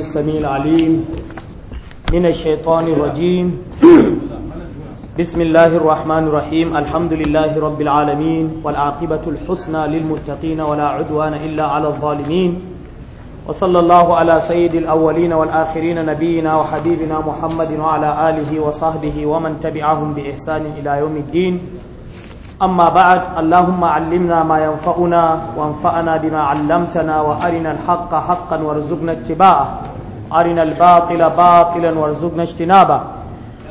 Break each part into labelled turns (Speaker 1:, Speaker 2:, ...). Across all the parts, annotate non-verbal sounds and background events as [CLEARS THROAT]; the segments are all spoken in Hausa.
Speaker 1: السميع العليم من الشيطان الرجيم بسم الله الرحمن الرحيم الحمد لله رب العالمين والعاقبة الحسنى للمتقين ولا عدوان إلا على الظالمين وصلى الله على سيد الأولين والآخرين نبينا وحبيبنا محمد وعلى آله وصحبه ومن تبعهم بإحسان إلى يوم الدين أما بعد اللهم علمنا ما ينفعنا وانفعنا بما علمتنا وأرنا الحق حقا وارزقنا اتباعه أرنا الباطل باطلا وارزقنا اجتنابه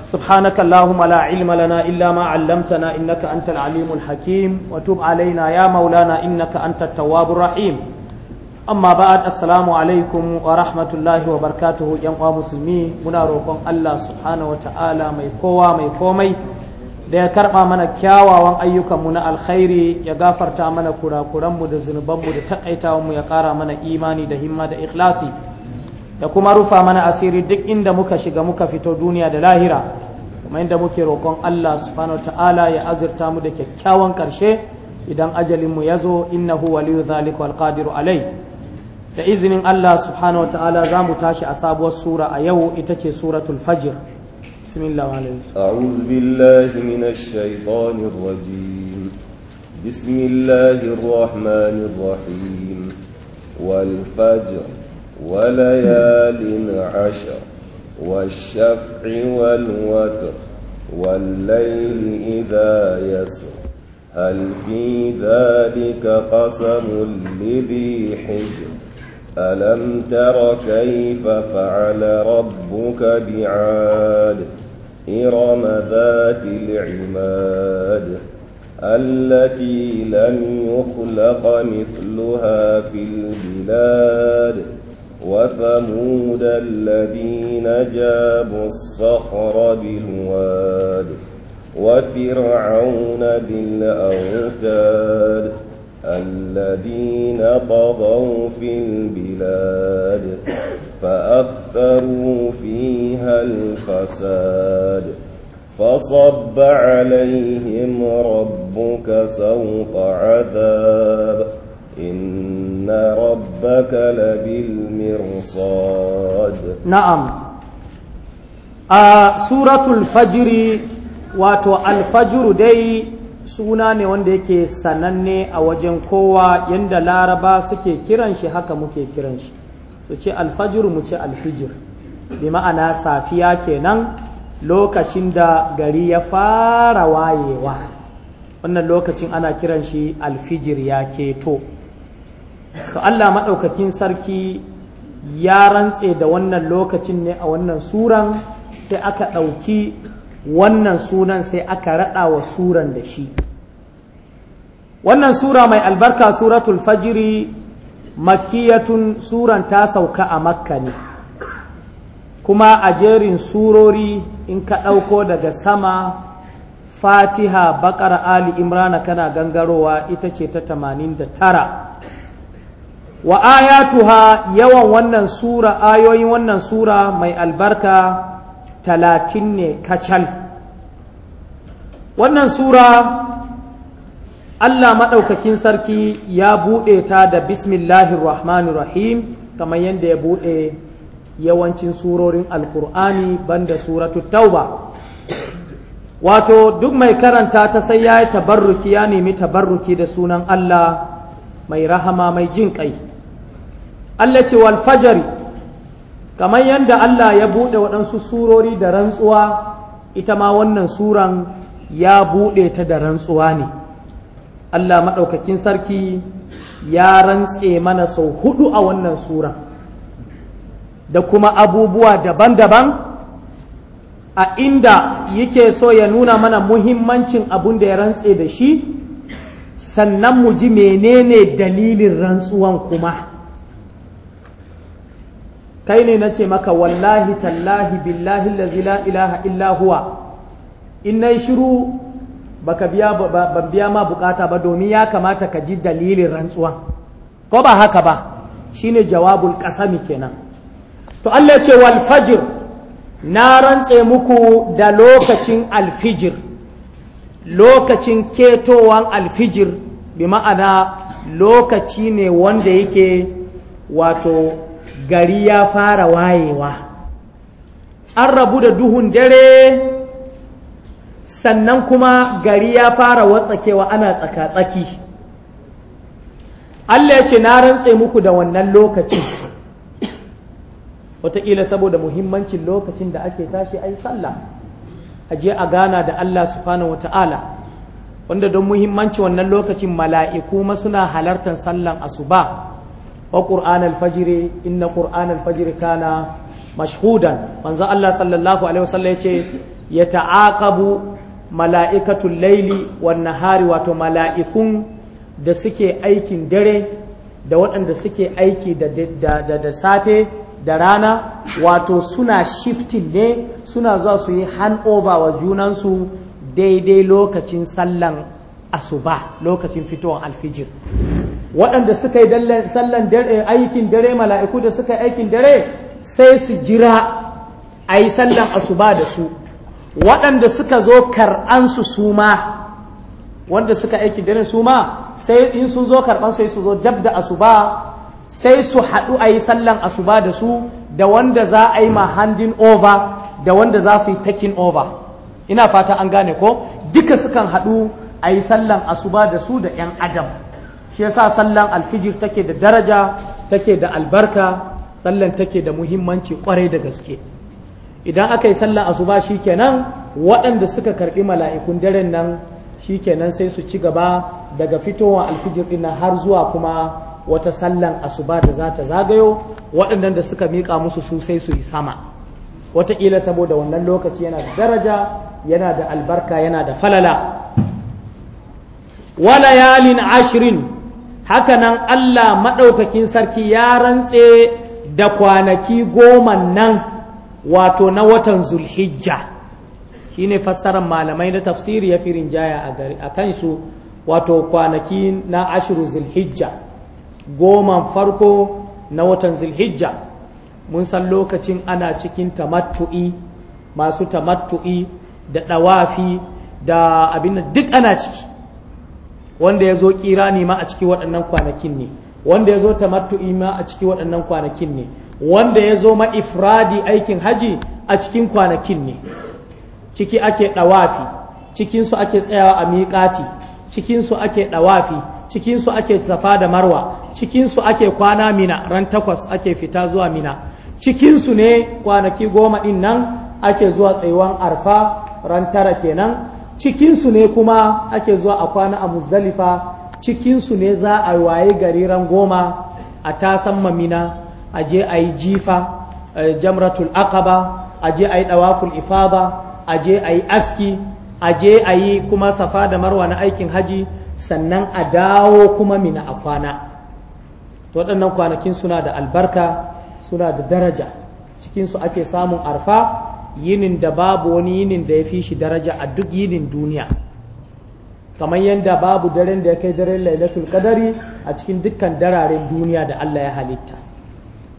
Speaker 1: سبحانك اللهم لا علم لنا إلا ما علمتنا إنك أنت العليم الحكيم وتب علينا يا مولانا إنك أنت التواب الرحيم أما بعد السلام عليكم ورحمة الله وبركاته يا مسلمين منا روكم الله سبحانه وتعالى ميكوا ميكومي مي da ya karɓa mana kyawawan ayyukanmu na alkhairi ya gafarta mana kurakuranmu da zunubanmu da taƙaitawanmu ya ƙara mana imani da himma da ikhlasi ya kuma rufa mana asiri duk inda muka shiga muka fito duniya da lahira kuma inda muke roƙon Allah subhanahu ta'ala ya azurta mu da kyakkyawan ƙarshe idan ajalinmu ya zo innahu waliyu zalika wal qadiru alai da izinin Allah subhanahu ta'ala za mu tashi a sabuwar sura a yau ita ce suratul fajr بسم الله وعليك
Speaker 2: أعوذ بالله من الشيطان الرجيم بسم الله الرحمن الرحيم والفجر وليال عشر والشفع والوتر والليل إذا يسر هل في ذلك قسم لذي حجر ألم تر كيف فعل ربك بعاد إرم ذات العماد التي لم يخلق مثلها في البلاد وثمود الذين جابوا الصخر بالواد وفرعون ذي الأوتاد الذين قضوا في البلاد فأكثروا فيها الفساد فصب عليهم ربك سوط عذاب إن ربك لبالمرصاد نعم
Speaker 1: سورة الفجر واتو الفجر دي سونا ne wanda كي سنن ني أوجن كوا يند laraba suke kiran shi haka muke kiran su ce alfajir mu ce alfijir bi ma'ana safiya kenan lokacin da gari ya fara wayewa wannan lokacin ana kiran shi alfijir ya keto to Allah maɗaukakin sarki ya rantse da wannan lokacin ne a wannan suran sai aka ɗauki wannan sunan sai aka raɗa wa suran da shi wannan sura mai albarka suratul fajiri makiyatun suran ta sauka a makka ne kuma a jerin surori in ka ɗauko daga sama fatiha bakar ali imrana kana gangarowa ita ce ta tamanin da tara wa ayatuha yawan wannan sura ayoyin wannan sura mai albarka talatin ne kacal wannan sura Allah maɗaukakin sarki ya buɗe ta da bismillahir rahmanir rahim kamar yadda ya buɗe yawancin surorin alkur'ani banda suratu tauba wato duk mai karanta ta sai ya yi tabarruki ya nemi tabarruki da sunan Allah mai rahama mai jin ƙai Allah ce wal fajari kamar yadda Allah ya buɗe waɗansu surori da rantsuwa ita ma wannan suran ya buɗe ta da rantsuwa ne Allah maɗaukakin sarki ya rantse mana sau hudu a wannan sura da kuma abubuwa daban-daban a inda yake so ya nuna mana muhimmancin abun da ya rantse da shi sannan mu ji menene dalilin rantsuwan kuma kai ne na ce maka wallahi tallahi billahi la ilaha illa in na shiru baka biya ban biya ma bukata ba domin ya kamata ka ji dalilin rantsuwa ko ba haka ba shine jawabul qasami kenan to Allah ya ce wal fajr na rantse muku da lokacin alfijir lokacin ketowan alfijir bi ma'ana lokaci ne wanda yake wato gari ya fara wayewa an rabu da duhun dare sannan kuma gari ya fara watsakewa ana tsaka-tsaki Allah ya ce na rantse muku da wannan lokacin wataƙila saboda muhimmancin lokacin da ake tashi a yi sallah a je a gana da Allah subhanahu wata'ala wanda don muhimmanci wannan lokacin mala'iku ma suna halartar sallan asuba wa ƙur'an alfajiri inna ƙur'an alfajiri kana mashhudan manzo Allah sallallahu alaihi wasallam ya ce ya ta'aqabu mala'ikatul laili wan hari wato mala'ikun da suke aikin dare da waɗanda suke aiki da safe da rana wato suna shifting ne suna zuwa su yi handover wa junansu daidai lokacin sallan asuba lokacin fitowar alfijir waɗanda suka yi sallan aikin dare mala'iku da suka yi aikin dare sai su jira a yi sallan asuba da su waɗanda suka zo karɓansu su ma wanda suka aiki dare su ma sai in sun zo karɓan sai su zo dab da asuba sai su haɗu a yi sallan asuba da su da wanda za a yi ma ova, over da wanda za su yi takin over ina fata an gane ko duka sukan haɗu a yi sallan asuba da su da 'yan adam shi yasa sallan alfijir take da daraja take da albarka sallan take da muhimmanci kwarai da gaske idan aka yi sallah asuba shikenan waɗanda suka karɓi mala'ikun daren nan shi shikenan sai su ci gaba daga fitowar alfijir ɗin har zuwa kuma wata sallan asuba da za ta zagayo waɗannan da suka miƙa musu su sai su yi sama wataƙila saboda wannan lokaci yana da daraja yana da albarka yana da falala walayalin ashirin hakanan Allah maɗaukakin sarki ya rantse da kwanaki goma nan wato na watan zulhijja shine fassarar malamai na tafsiri ya firin jaya a gari a kansu wato kwanaki na ashiru zulhijja goman farko na watan zulhijja mun san lokacin ana cikin tamattu'i masu tamattu'i da ɗawafi da abin duk ana ciki wanda ya zo kira ne ma a ciki waɗannan kwanakin ne wanda ya zo tamattu'i ma a ciki waɗannan kwanakin ne wanda ya zo ma ifradi aikin haji a cikin kwanakin ne ciki ake ɗawafi cikinsu ake tsayawa a miƙati cikinsu ake ɗawafi cikinsu ake safa da marwa cikinsu ake kwana mina ran takwas ake fita zuwa mina cikinsu ne kwanaki goma ɗin nan ake zuwa tsayuwan arfa ran tara kenan cikinsu ne kuma ake zuwa a kwana a musdalifa cikinsu ne za a waye gari ran goma a tasan mamina Aje je a yi jifa eh, jamratul aqaba a je a yi dawaful ifada a je a yi aski aje je a yi kuma safa da marwa na aikin haji sannan a dawo kuma mina a kwana waɗannan kwanakin suna da albarka suna da daraja cikinsu ake samun arfa yinin da babu wani yinin da ya fi shi daraja a duk yinin duniya kamar yadda babu daren da ya kai daren lailatul kadari a cikin dukkan dararen duniya da Allah ya halitta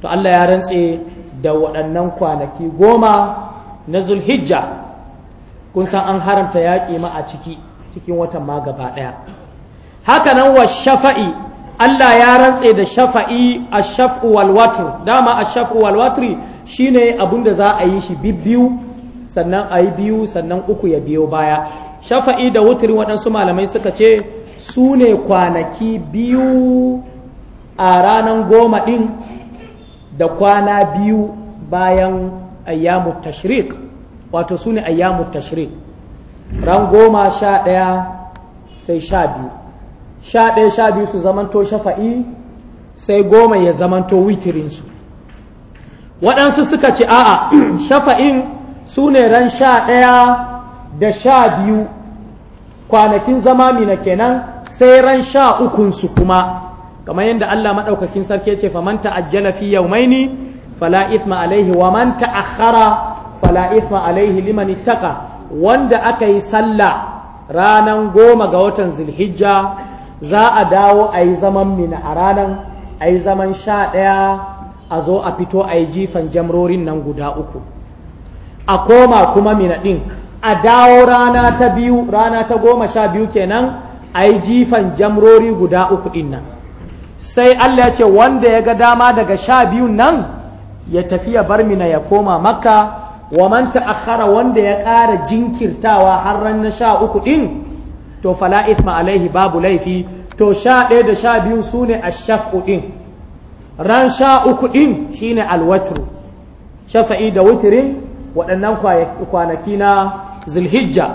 Speaker 1: to Allah ya rantse da waɗannan kwanaki goma na zulhijja kun san an haramta yaƙi ma a ciki cikin watan ma gaba ɗaya hakanan wa shafa'i Allah ya rantse da shafa'i a shaf'u wal watr dama a shaf'u wal watr shine abun da za a yi shi bibbiyu sannan a yi biyu sannan uku ya biyo baya shafa'i da wuturi waɗansu malamai suka ce su ne kwanaki biyu a ranan goma ɗin da kwana biyu bayan ayyamu tashrik, wato su ne ayyamu tashrik. ran goma sha ɗaya sai sha biyu sha ɗaya sha biyu su zamanto shafa'i sai goma ya zamanto witirinsu waɗansu suka ce a'a [CLEARS THROAT] shafa'in su ne ran sha ɗaya da sha biyu kwanakin zama mina kenan sai ran sha ukunsu kuma kamar yadda Allah madaukakin sarki ya ce man ta'ajjala fi yawmaini fala ithma alaihi wa man ta'akhkhara fala ithma alaihi liman ittaqa wanda aka yi sallah ranan goma ga watan zulhijja za a dawo ai zaman mina a ranan ai zaman sha ɗaya a zo a fito a yi jifan jamrorin nan guda uku a koma kuma mina ɗin a dawo rana ta biyu rana ta goma sha biyu kenan a yi jifan jamrori guda uku ɗin sai Allah ya ce wanda ya ga dama daga sha biyun nan ya tafi ya bar mina ya koma makka wa man ta'akhkhara wanda ya ƙara jinkirtawa har ran na sha uku din to fala isma alaihi babu laifi to sha ɗaya da sha biyu su ne ashaf'u ɗin ran sha uku din shine alwatru shafa'i da wutirin waɗannan kwanaki na zulhijja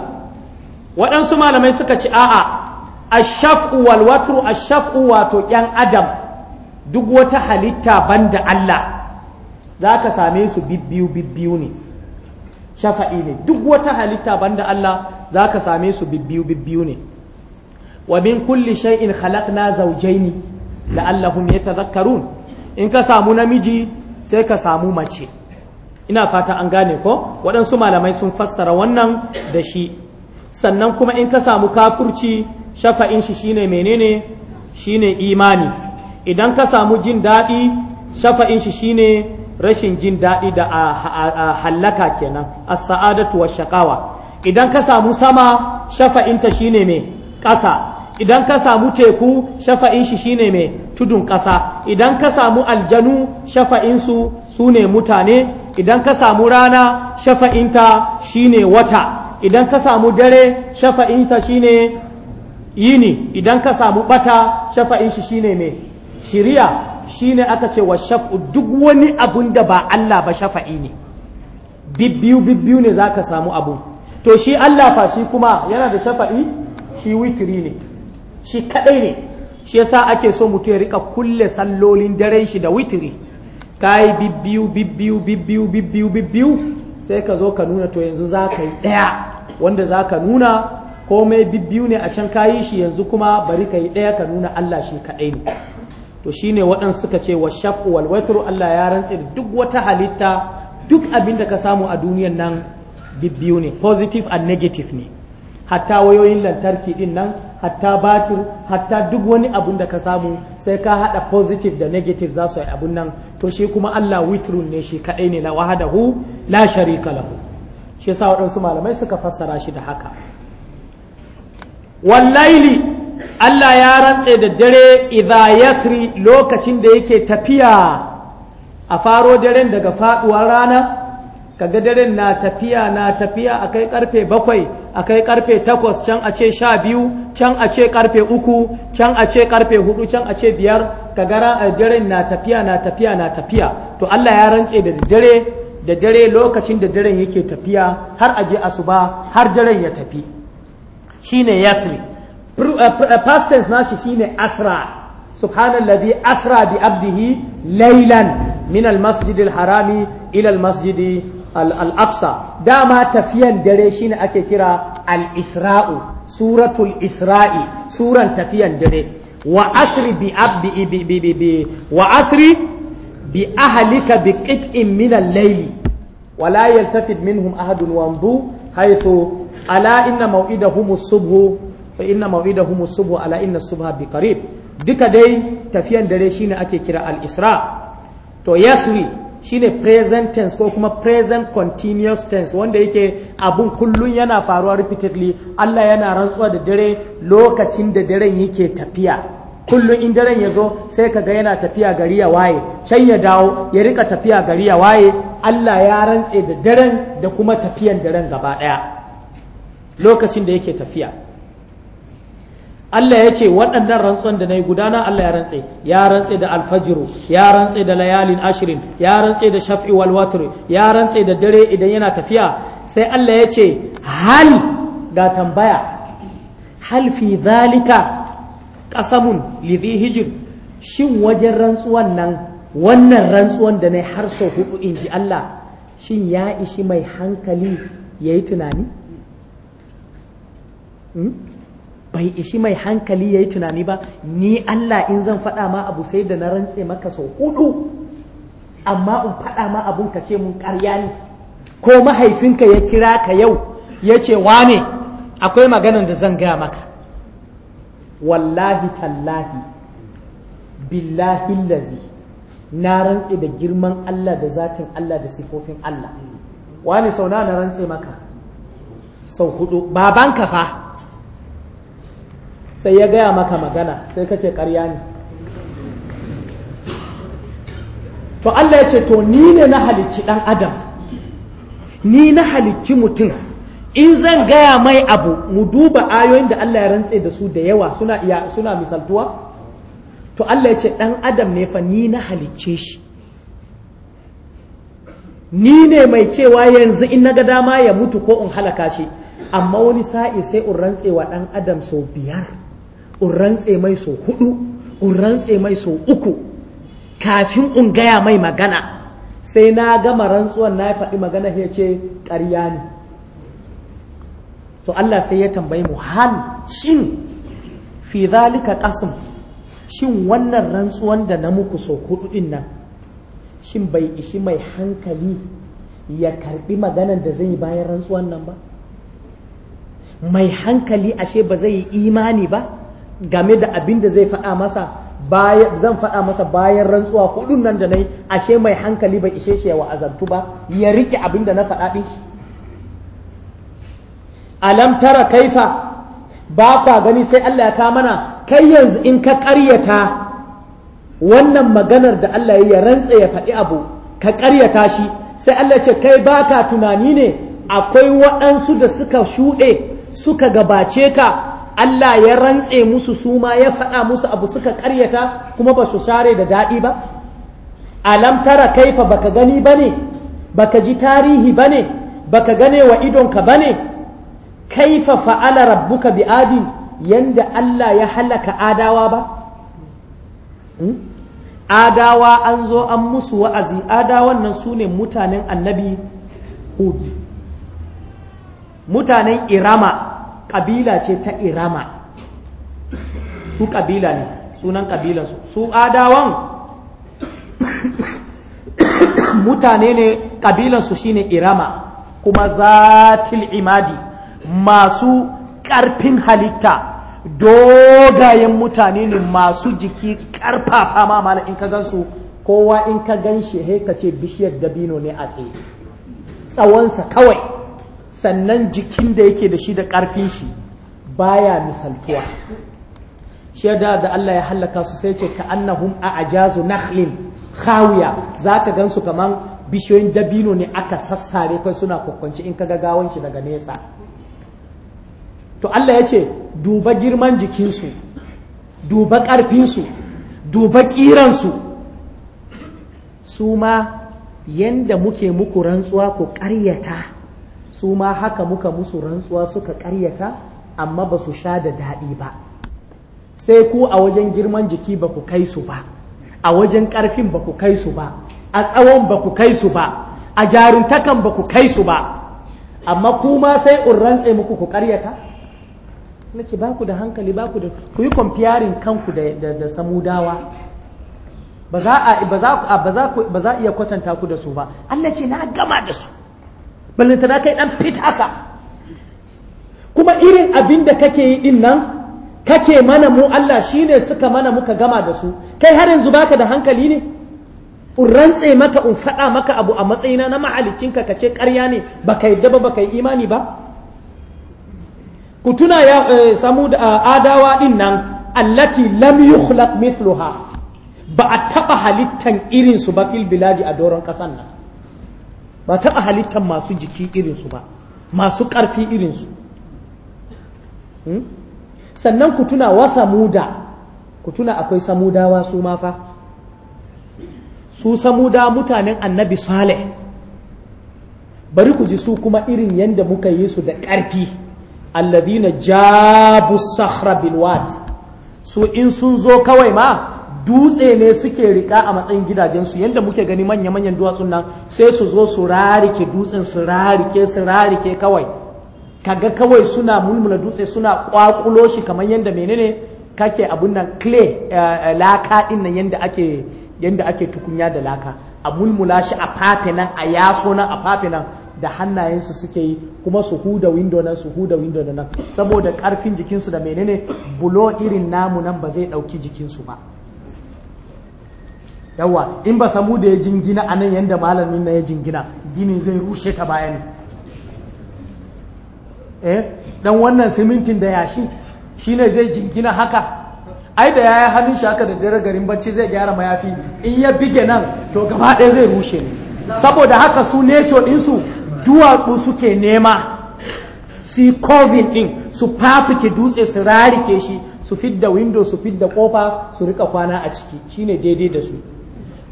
Speaker 1: waɗansu malamai suka ci a'a ashaf'u wal ashaf'u wato yan adam duk wata halitta banda Allah za ka same su bibbiyu bibbiyu ne shafa'i ne duk wata halitta banda Allah za ka same su bibbiyu bibbiyu ne wa min kulli shay'in khalaqna zawjaini la'allahum yatadhakkarun in ka samu namiji sai ka samu mace ina fata an gane ko waɗansu malamai sun fassara wannan da shi sannan kuma in ka samu kafurci shafa'in shi shine menene shine imani idan ka samu jin daɗi shafa'in shi shine rashin jin daɗi da a hallaka kenan as-sa'adatu wash-shaqawa idan ka samu sama shafa'inta shine me ƙasa idan ka samu teku shafa'in shi shine mai tudun ƙasa idan ka samu aljanu shafa'insu su ne mutane idan ka samu rana shafa'inta shine wata idan ka samu dare shafa'inta shine yini idan ka samu bata shafa'in shi shine me shiriya shine aka ce wa shaf'u duk wani abun da ba Allah ba shafa'i ne bibbiyu bibbiyu ne zaka samu abu to shi Allah fa shi kuma yana da shafa'i shi witiri ne shi kadai ne shi yasa ake so mutum ya rika kulle sallolin daren shi da witiri kai bibbiyu bibbiyu bibbiyu bibbiyu bibbiyu sai ka zo ka nuna to yanzu za ka yi daya wanda za ka nuna komai bibbiyu ne a can kayi shi yanzu kuma bari ka yi ɗaya ka nuna Allah shi kaɗai ne to shine waɗansu suka ce wa shafu wal Allah ya rantse duk wata halitta duk abin da ka samu a duniyan nan bibbiyu ne positive and negative ne hatta wayoyin lantarki din nan hatta batir hatta duk wani abun da ka samu sai ka hada positive da negative za su yi abun nan to shi kuma Allah witrun ne shi kadai ne la wahadahu la sharika lahu shi yasa waɗansu malamai suka fassara shi da haka wallaili Allah ya rantse da dare idha yasri lokacin da yake tafiya a faro daren daga faduwar rana kaga daren na tafiya na tafiya akai karfe bakwai akai karfe takwas can a ce sha biyu can a ce karfe uku can a ce karfe hudu can a ce biyar kaga eh, daren na tafiya na tafiya na tafiya to Allah ya rantse da dare da dare lokacin da daren yake tafiya har aje asuba har daren ya tafi shine uh, yasri uh, past nashi shine asra subhanallazi asra bi abdihi laylan min almasjid alharami ila almasjid al-aqsa dama tafiyan dare shine ake kira al-isra'u suratul isra'i suran tafiyan dare wa asri bi abdi bi bi bi wa asri bi ahlika bi qit'in min al-layli wa la yaltafid minhum ahadun wamdu haithu ala inna maw'idahum as-subh fa inna as-subh ala inna as-subha biqarib duka dai tafiyan dare shine ake kira al-isra to yasri shine present tense ko kuma present continuous tense wanda yake abun kullun yana faruwa repeatedly Allah yana rantsuwa da dare lokacin da daren yake tafiya kullun in daren ya zo sai kaga yana tafiya gari ya waye can ya dawo ya rika tafiya gari ya waye Allah ya rantse da daren da kuma tafiyan daren gaba ɗaya lokacin da yake tafiya Allah ya ce waɗannan rantsuwan da na yi gudana Allah ya rantse ya rantse da alfajiru ya rantse da layalin ashirin ya rantse da shaf'i wal ya rantse da dare idan yana tafiya sai Allah ya ce hal ga tambaya hal fi zalika qasamun li hijir shin wajen rantsuwan nan wannan rantsuwan da na har sau hudu in ji Allah shin ya ishi mai hankali ya yi tunani? Hmm? bai ishi mai hankali ya yi tunani ba ni Allah in zan faɗa ma abu sai da na rantse maka sau hudu amma in faɗa ma abun ka ce mun ƙarya ne ko mahaifinka ya kira ka yau ya ce wane akwai maganan da zan gaya maka wallahi tallahi billahi lazi na rantse da girman Allah da zatin Allah da sifofin Allah wani sau na rantse maka sau hudu babanka fa sai ya gaya maka magana sai ka ce karya ne to Allah ya ce to ni ne na halicci ɗan adam ni na halicci mutum in zan gaya mai abu mu duba ayoyin da Allah ya rantse da su da yawa suna misaltuwa to Allah ya ce ɗan adam ne fa ni na halicce shi ni ne mai cewa yanzu in na ga dama ya mutu ko in halaka shi amma wani sa'i sai in rantse wa ɗan adam sau biyar in rantse mai sau hudu in rantse mai sau uku kafin in gaya mai magana sai na gama rantsuwan na faɗi magana ya ce ƙarya ne to Allah sai ya tambayi mu hal shin fi zalika qasam shin wannan rantsuwan da na muku so hudu din nan shin bai ishi mai hankali ya karɓi maganan da zai bayan rantsuwan nan ba mai hankali ashe ba zai yi imani ba game da abin da zai faɗa masa zan faɗa masa bayan rantsuwa hudun nan da na yi ashe mai hankali bai ishe shi ya wa'azantu ba ya rike abin da na faɗa ɗin alam tara kaifa ba kwa gani sai Allah ya ka mana kai yanzu in ka ƙaryata wannan maganar da Allah ya rantse ya faɗi abu ka ƙaryata shi sai Allah ce kai baka tunani ne akwai waɗansu da suka shuɗe suka gabace ka Allah ya rantse musu suma ya faɗa musu abu suka ƙaryata kuma ba su share da daɗi ba alam tara fa baka gani ba ne? baka ji tarihi ba ne? baka gane wa idonka bane kaifa fa'ala rabbuka bi adin yanda Allah ya halaka adawa ba hmm? adawa an zo an musu wa'azi adawan nan su ne mutanen annabi hud mutanen irama ƙabila ce ta irama su ƙabila ne sunan ƙabilansu su adawan [COUGHS] mutane ne ƙabilansu shine irama kuma zatil imadi masu ƙarfin halitta dogayen mutane ne masu jiki ƙarfafa ma in ka gansu kowa in ka gan shi haikace bishiyar dabino ne a tsaye tsawonsa kawai sannan jikin da yake da shi da ƙarfin shi baya misaltuwa shaida da Allah ya hallaka su sai ce ka annahum a ajazu nakhlin khawiya za ka gan su kaman bishiyoyin dabino ne aka sassare kai suna kwakwanci in ka ga gawan shi daga nesa to Allah ya ce duba girman jikinsu duba ƙarfinsu duba ƙiransu su ma yadda muke muku rantsuwa ku ƙaryata su ma haka muka musu rantsuwa suka ƙaryata amma ba su sha da daɗi ba sai ku a wajen girman jiki ba ku kai su ba a wajen ƙarfin ba ku kai su ba a tsawon ba ku kai su ba a jaruntakan ba ku kai su ba amma kuma sai in rantse muku ku ƙaryata na ce ba ku da hankali ba ku da ku yi kwamfiyarin kanku da samudawa ba za a iya kwatanta ku da su ba Allah ce na gama da su na kai dan fit haka kuma irin abin da kake yi din nan kake mana mu Allah shi ne suka mana muka gama da su kai har yanzu baka da hankali ne in rantse maka in faɗa maka abu a matsayina na mahalicinka ka ce ƙarya ne baka daba ba baka yi imani ba ku tuna ya eh, samu ah, adawa din nan allati lam yukhlaq mithluha ba a taba halittan irin su ba fil biladi a doron kasan nan ba taba halittan masu jiki irin su ba masu karfi irin su hmm? sannan ku tuna wa samuda ku tuna akwai samudawa su ma fa su samuda mutanen annabi saleh bari ku ji su kuma irin yadda muka yi su da ƙarfi alladhina jabu sahra bil wad su in sun zo kawai ma dutse ne suke rika a matsayin gidajensu yadda muke gani manya-manyan duwatsun nan sai su zo su rarike dutsen su rarike su rarike kawai kaga kawai suna mulmula dutse suna kwakulo shi kamar yadda menene kake abun nan clay eh, eh, laka din nan yadda ake yadda ake tukunya da laka a mulmula shi a fafe nan a yaso nan a fafe nan da hannayensu suke yi kuma su huda window nan su huda window nan saboda karfin jikinsu da menene bulo irin namu nan ba zai dauki jikinsu ba yawa in ba samu da ya jingina a nan yadda malamin na ya jingina gini zai rushe ta bayan eh dan wannan simintin da yashi shine zai jingina haka ai da yayi hannun shi haka da dare garin bacci zai gyara mayafi in ya bige nan to gaba ɗaya zai rushe ne saboda haka su neco ɗinsu duwatsu suke nema su yi covin ɗin su fafike dutse su rarike shi su fidda window su fidda kofa su rika kwana a ciki shine daidai da su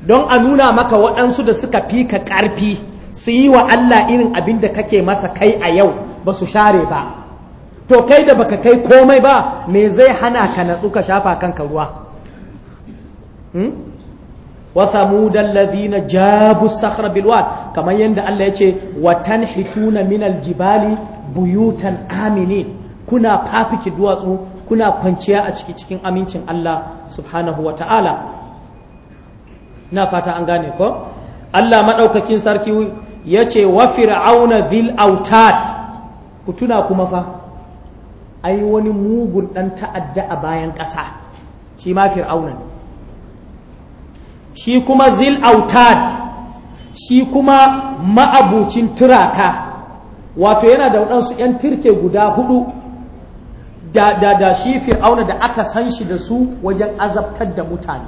Speaker 1: don a nuna maka waɗansu da suka fi ka ƙarfi su yi wa Allah irin abin da kake masa kai a yau ba su share ba to kai da baka kai komai ba me zai hana ka natsu ka shafa kanka ruwa hmm? wa samuda na jabu sakhra bil kamar yadda Allah yace wa tanhituna minal jibali buyutan aminin kuna fafiki duwatsu kuna kwanciya a ciki cikin amincin Allah subhanahu wa ta'ala na fata an gane ko Allah madaukakin sarki yace wa fir'auna dhil autad ku tuna kuma fa ai wani mugun dan ta'adda a bayan ƙasa shi ma fir'auna shi kuma zil autad shi kuma ma'abucin turaka wato yana da waɗansu 'yan turke guda hudu da, da, shi fir'auna da aka san shi da su wajen azabtar da mutane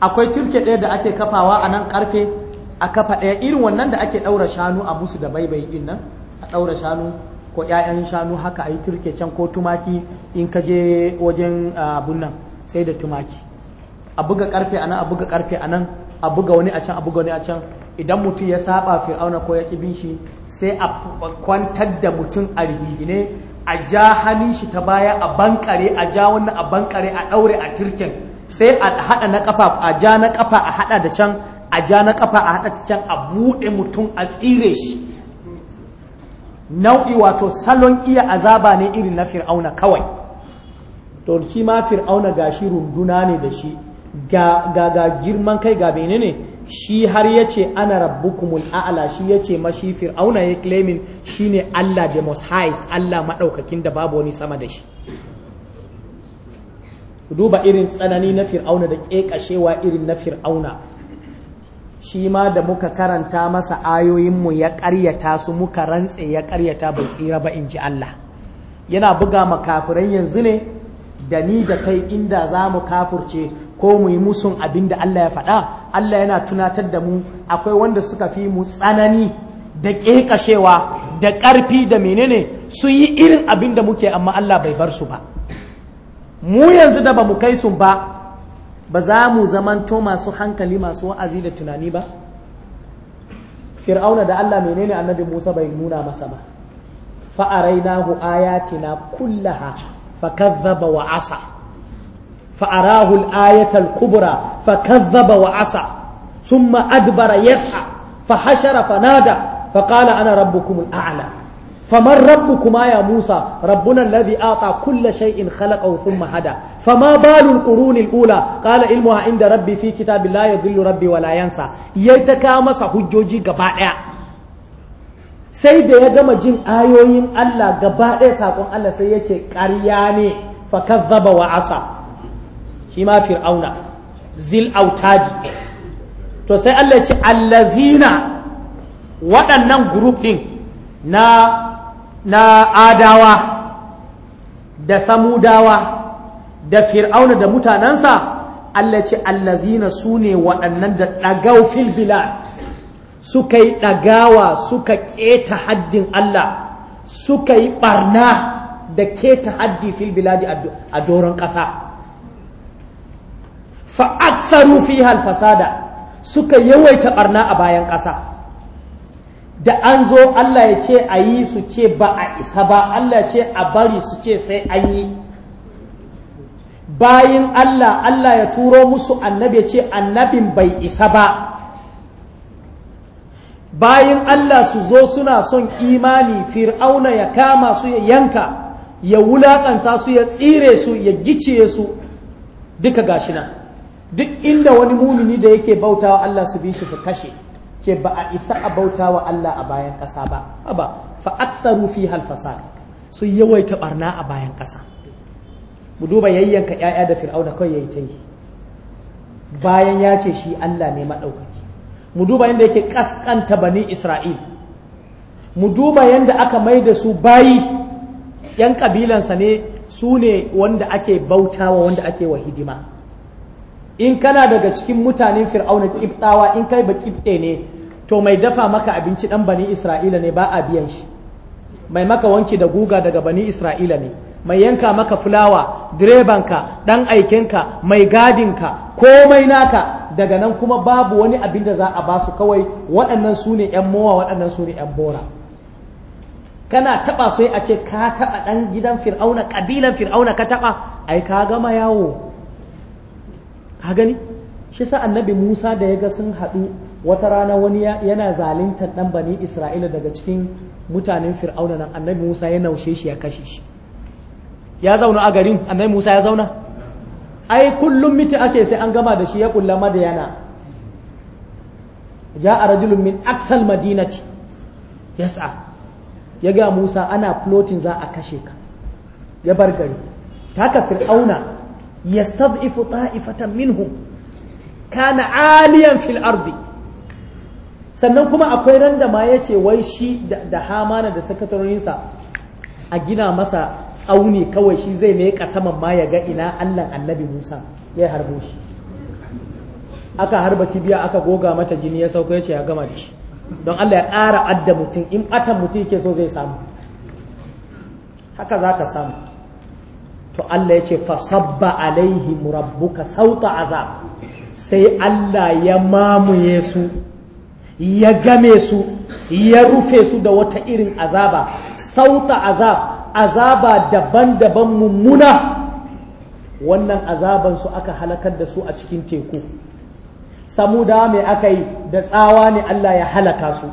Speaker 1: akwai turke ɗaya da ake kafawa a nan ƙarfe a kafa ɗaya irin wannan da ake ɗaura shanu a musu da baibai ɗin a ɗaura shanu ko 'ya'yan shanu haka a yi turke can ko tumaki in ka je wajen abun nan sai da tumaki a buga karfe anan a buga karfe anan a buga wani a can a buga wani a can idan mutum ya saba fir'auna ko ya kibin shi sai a kwantar da mutum a rigigine a ja hannun shi ta baya a bankare a ja wannan a bankare a daure a turken sai a hada na kafa a ja na kafa a hada da can a ja na kafa a hada da can a bude mutum a tsire shi nau'i wato salon iya azaba ne irin na fir'auna kawai to shi ma fir'auna gashi runduna ne da shi ga girman kai ga ne shi har yace ce ana rabbukumul a'la shi yace ce mashi fir'auna ya claiming shine Allah the most highest Allah maɗaukakin da babu wani sama da shi duba irin tsanani na fir'auna da ƙeƙashewa irin na fir'auna shi ma da muka karanta masa ayoyinmu ya ƙaryata su muka rantse ya ƙaryata bai tsira ba in ji Allah yana buga makafirai yanzu ne da ni da kai inda za mu kafurce ko mu yi musun abin da Allah ya faɗa Allah yana tunatar da mu akwai wanda suka fi mu tsanani da ƙeƙashewa da ƙarfi da menene sun yi irin abin da muke amma Allah bai bar su ba mu yanzu da ba mu kai sun ba ba za mu zamanto masu hankali masu wa'azi da tunani ba fir'auna da Allah menene annabi Musa bai nuna masa ba fa'arainahu ayatina kullaha fakazzaba wa asa فأراه الآية الكبرى فكذب وعصى ثم أدبر يسعى فحشر فنادى فقال أنا ربكم الأعلى فمن ربكما يا موسى ربنا الذي أعطى كل شيء خلقه ثم هدى فما بال القرون الأولى قال علمها عند ربي في كتاب لا يضل ربي ولا ينسى يتكامس حجوجي قبائع sai da ya gama jin ayoyin Allah gaba ɗaya saƙon Allah sai ya ce ƙarya ne fa kazzaba wa asa shi ma fir'auna zil autadi to sai Allah ya ce allazina waɗannan group din na na adawa da samudawa da fir'auna da mutanensa Allah ce allazina su ne waɗannan da ɗagau fil bilad suka yi ɗagawa suka keta haddin Allah suka yi ɓarna da keta haddi fil biladi a doron ƙasa fa aksaru halfasada suka yawaita barna a bayan ƙasa da an zo Allah ya ce a yi su ce ba a isa ba Allah ya ce a bari su ce sai an yi bayin Allah Allah ya turo musu annabi ya ce annabin bai isa ba Bayan Allah su zo suna son imani fir'auna ya kama su ya yanka ya wulaƙanta su ya tsire su ya gice su duka gashi nan duk inda wani mumini da yake bautawa Allah su bi shi su kashe ce ba a isa a bautawa Allah a bayan ƙasa ba haba fa aktsaru fi hal fasad su yawaita barna a bayan ƙasa mu duba yayyanka ƴaƴa da fir'auna kai yayi ta yi bayan ya ce shi Allah ne madaukaki mu duba yanda yake kaskanta bani Isra'il mu duba yanda aka mai da su bayi yan kabilansa ne su ne wanda ake bautawa wanda ake wa hidima in kana daga cikin mutanen fir'auna kiftawa in kai ba kifte ne to mai dafa maka abinci ɗan bani isra'ila ne ba a biyan shi mai maka wanki da guga daga bani isra'ila ne mai yanka maka fulawa direbanka dan ka mai gadinka komai naka daga nan kuma babu wani abin da za a ba su kawai waɗannan su ne 'yan mowa waɗannan su ne 'yan bora kana taɓa sai a ce ka taɓa ɗan gidan fir'auna ƙabilan fir'auna ka taɓa ai ka gama yawo A gani shi sa annabi Musa da ya ga sun haɗu wata rana wani yana zalintar ɗan bani Isra'ila daga cikin mutanen Fir'auna nan annabi Musa ya naushe shi ya kashe shi ya zauna a garin annabi Musa ya zauna ai kullum miti ake sai an gama da shi ya kulla madayana a rajulun min aksal madinati yas'a ya ga Musa ana plotin za a kashe ka ya bar gari ta ka Fir'auna yastad'ifu ta'ifatan minhum kana aliyan fil ardi sannan kuma akwai ran da ma ce wai shi da hamana da sakatarorinsa a gina masa tsauni kawai shi zai leƙa saman ma ya ga ina Allah annabi Musa ya harbo shi aka harba kibiya aka goga mata jini ya sauka ya ce ya gama da shi don Allah ya ƙara adda mutum in atan mutum yake so zai samu haka za ka samu to Allah ya ce fasabba alaihi murabbuka sauta azab sai Allah ya mamuye su ya game su ya rufe su da wata irin azaba sauta azab azaba daban-daban mummuna wannan azaban su aka halakar da su a cikin teku samuda mai aka yi da tsawa ne Allah ya halaka su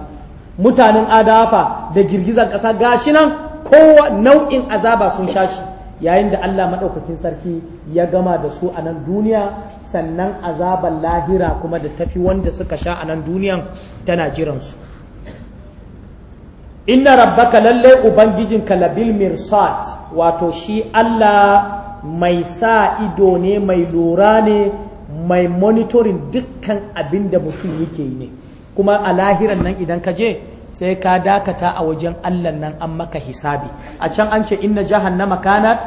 Speaker 1: mutanen adafa da girgizar ƙasa gashi nan kowa nau'in azaba sun sha shi yayin da Allah maɗaukakin sarki ya gama da su a nan duniya sannan azaban lahira kuma da tafi wanda suka sha a nan duniyan tana jiransu inna rabbaka lalle ubangijinka labil mirsat wato shi Allah mai sa ido ne mai lura ne mai monitoring dukkan abin da mutum yake yi ne kuma a lahiran nan idan ka je sai ka dakata a wajen Allah nan an maka hisabi a can an ce inna jahannama kanat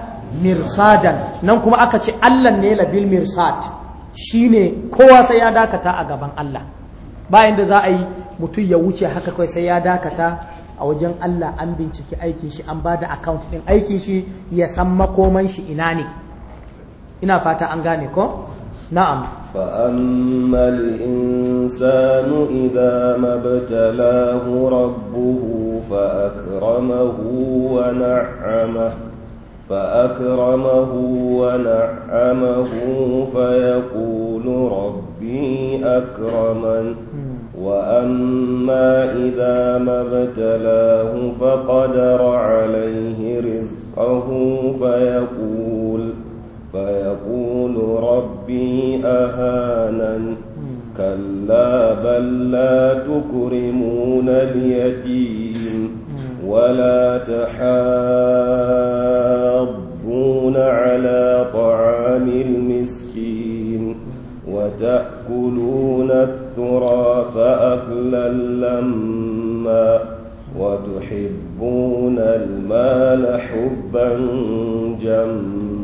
Speaker 1: mirsadan nan kuma aka ce Allah ne labil mirsad shine kowa sai ya dakata a gaban Allah bayan da za a yi mutum ya wuce haka kai sai ya dakata a wajen Allah an binciki aikin shi an bada account din aikin shi ya san makoman shi ina ne ina fata an gane ko نعم
Speaker 2: فأما الإنسان إذا ما ابتلاه ربه فأكرمه ونعمه فأكرمه ونعمه فيقول ربي أكرمن وأما إذا ما ابتلاه فقدر عليه رزقه فيقول فيقول ربي أهانن كلا بل لا تكرمون اليتيم ولا تحاضون على طعام المسكين وتأكلون التراث أكلا لما وتحبون المال حبا جما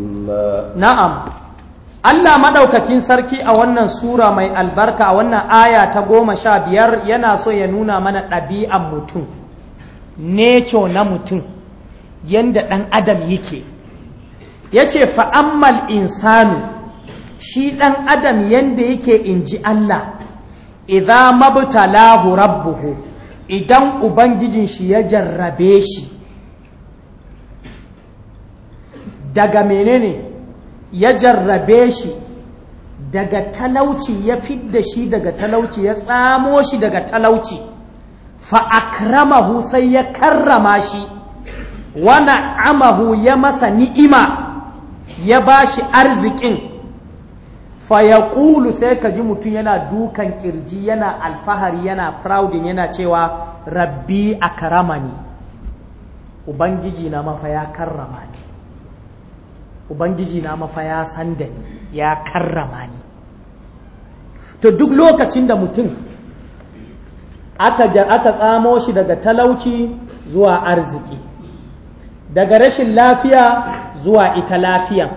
Speaker 1: na'am Allah madaukakin sarki a wannan sura mai albarka a wannan aya ta goma sha biyar yana so ya nuna mana ɗabi'an mutum neco na mutum yadda ɗan adam yake ya ce fa'ammal insanu shi ɗan adam yadda yake in ji Allah idza lahu rabbuhu idan ubangijin shi ya jarrabe shi daga menene ya jarrabe shi daga talauci ya fidda shi daga talauci ya tsamo shi daga talauci fa fa'akramahu sai ya karrama shi wana amahu ya masa ni'ima ya ba shi arzikin fayakulu sai ka ji mutum yana dukan kirji yana alfahari yana proudin yana cewa rabbi a ne. ubangiji na mafa ya karrama ne. ubangiji na mafa ya san ni ya karrama ni to duk lokacin da mutum aka tsamo shi daga talauci zuwa arziki daga rashin lafiya zuwa ita lafiya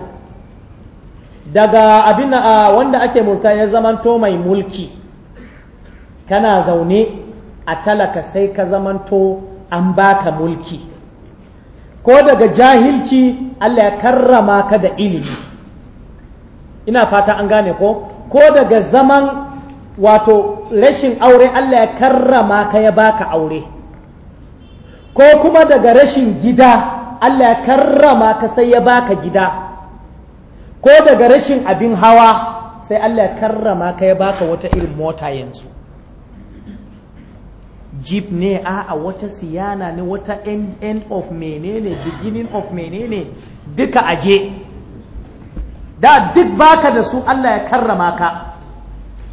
Speaker 1: daga abin a wanda ake mulka ya zamanto mai mulki kana zaune a talaka sai ka zamanto an baka mulki ko daga jahilci Allah ya karrama ka da ilimi ina fata an gane ko ko daga zaman wato rashin aure Allah ya karrama ka ya baka aure ko kuma daga rashin gida Allah ya karrama ka sai ya baka gida ko daga rashin abin hawa sai Allah ya karrama ka ya baka wata irin mota yanzu Jib ne a wata siyana ne wata end, end of menene beginning of menene duka aje da duk baka da su Allah ya karrama ka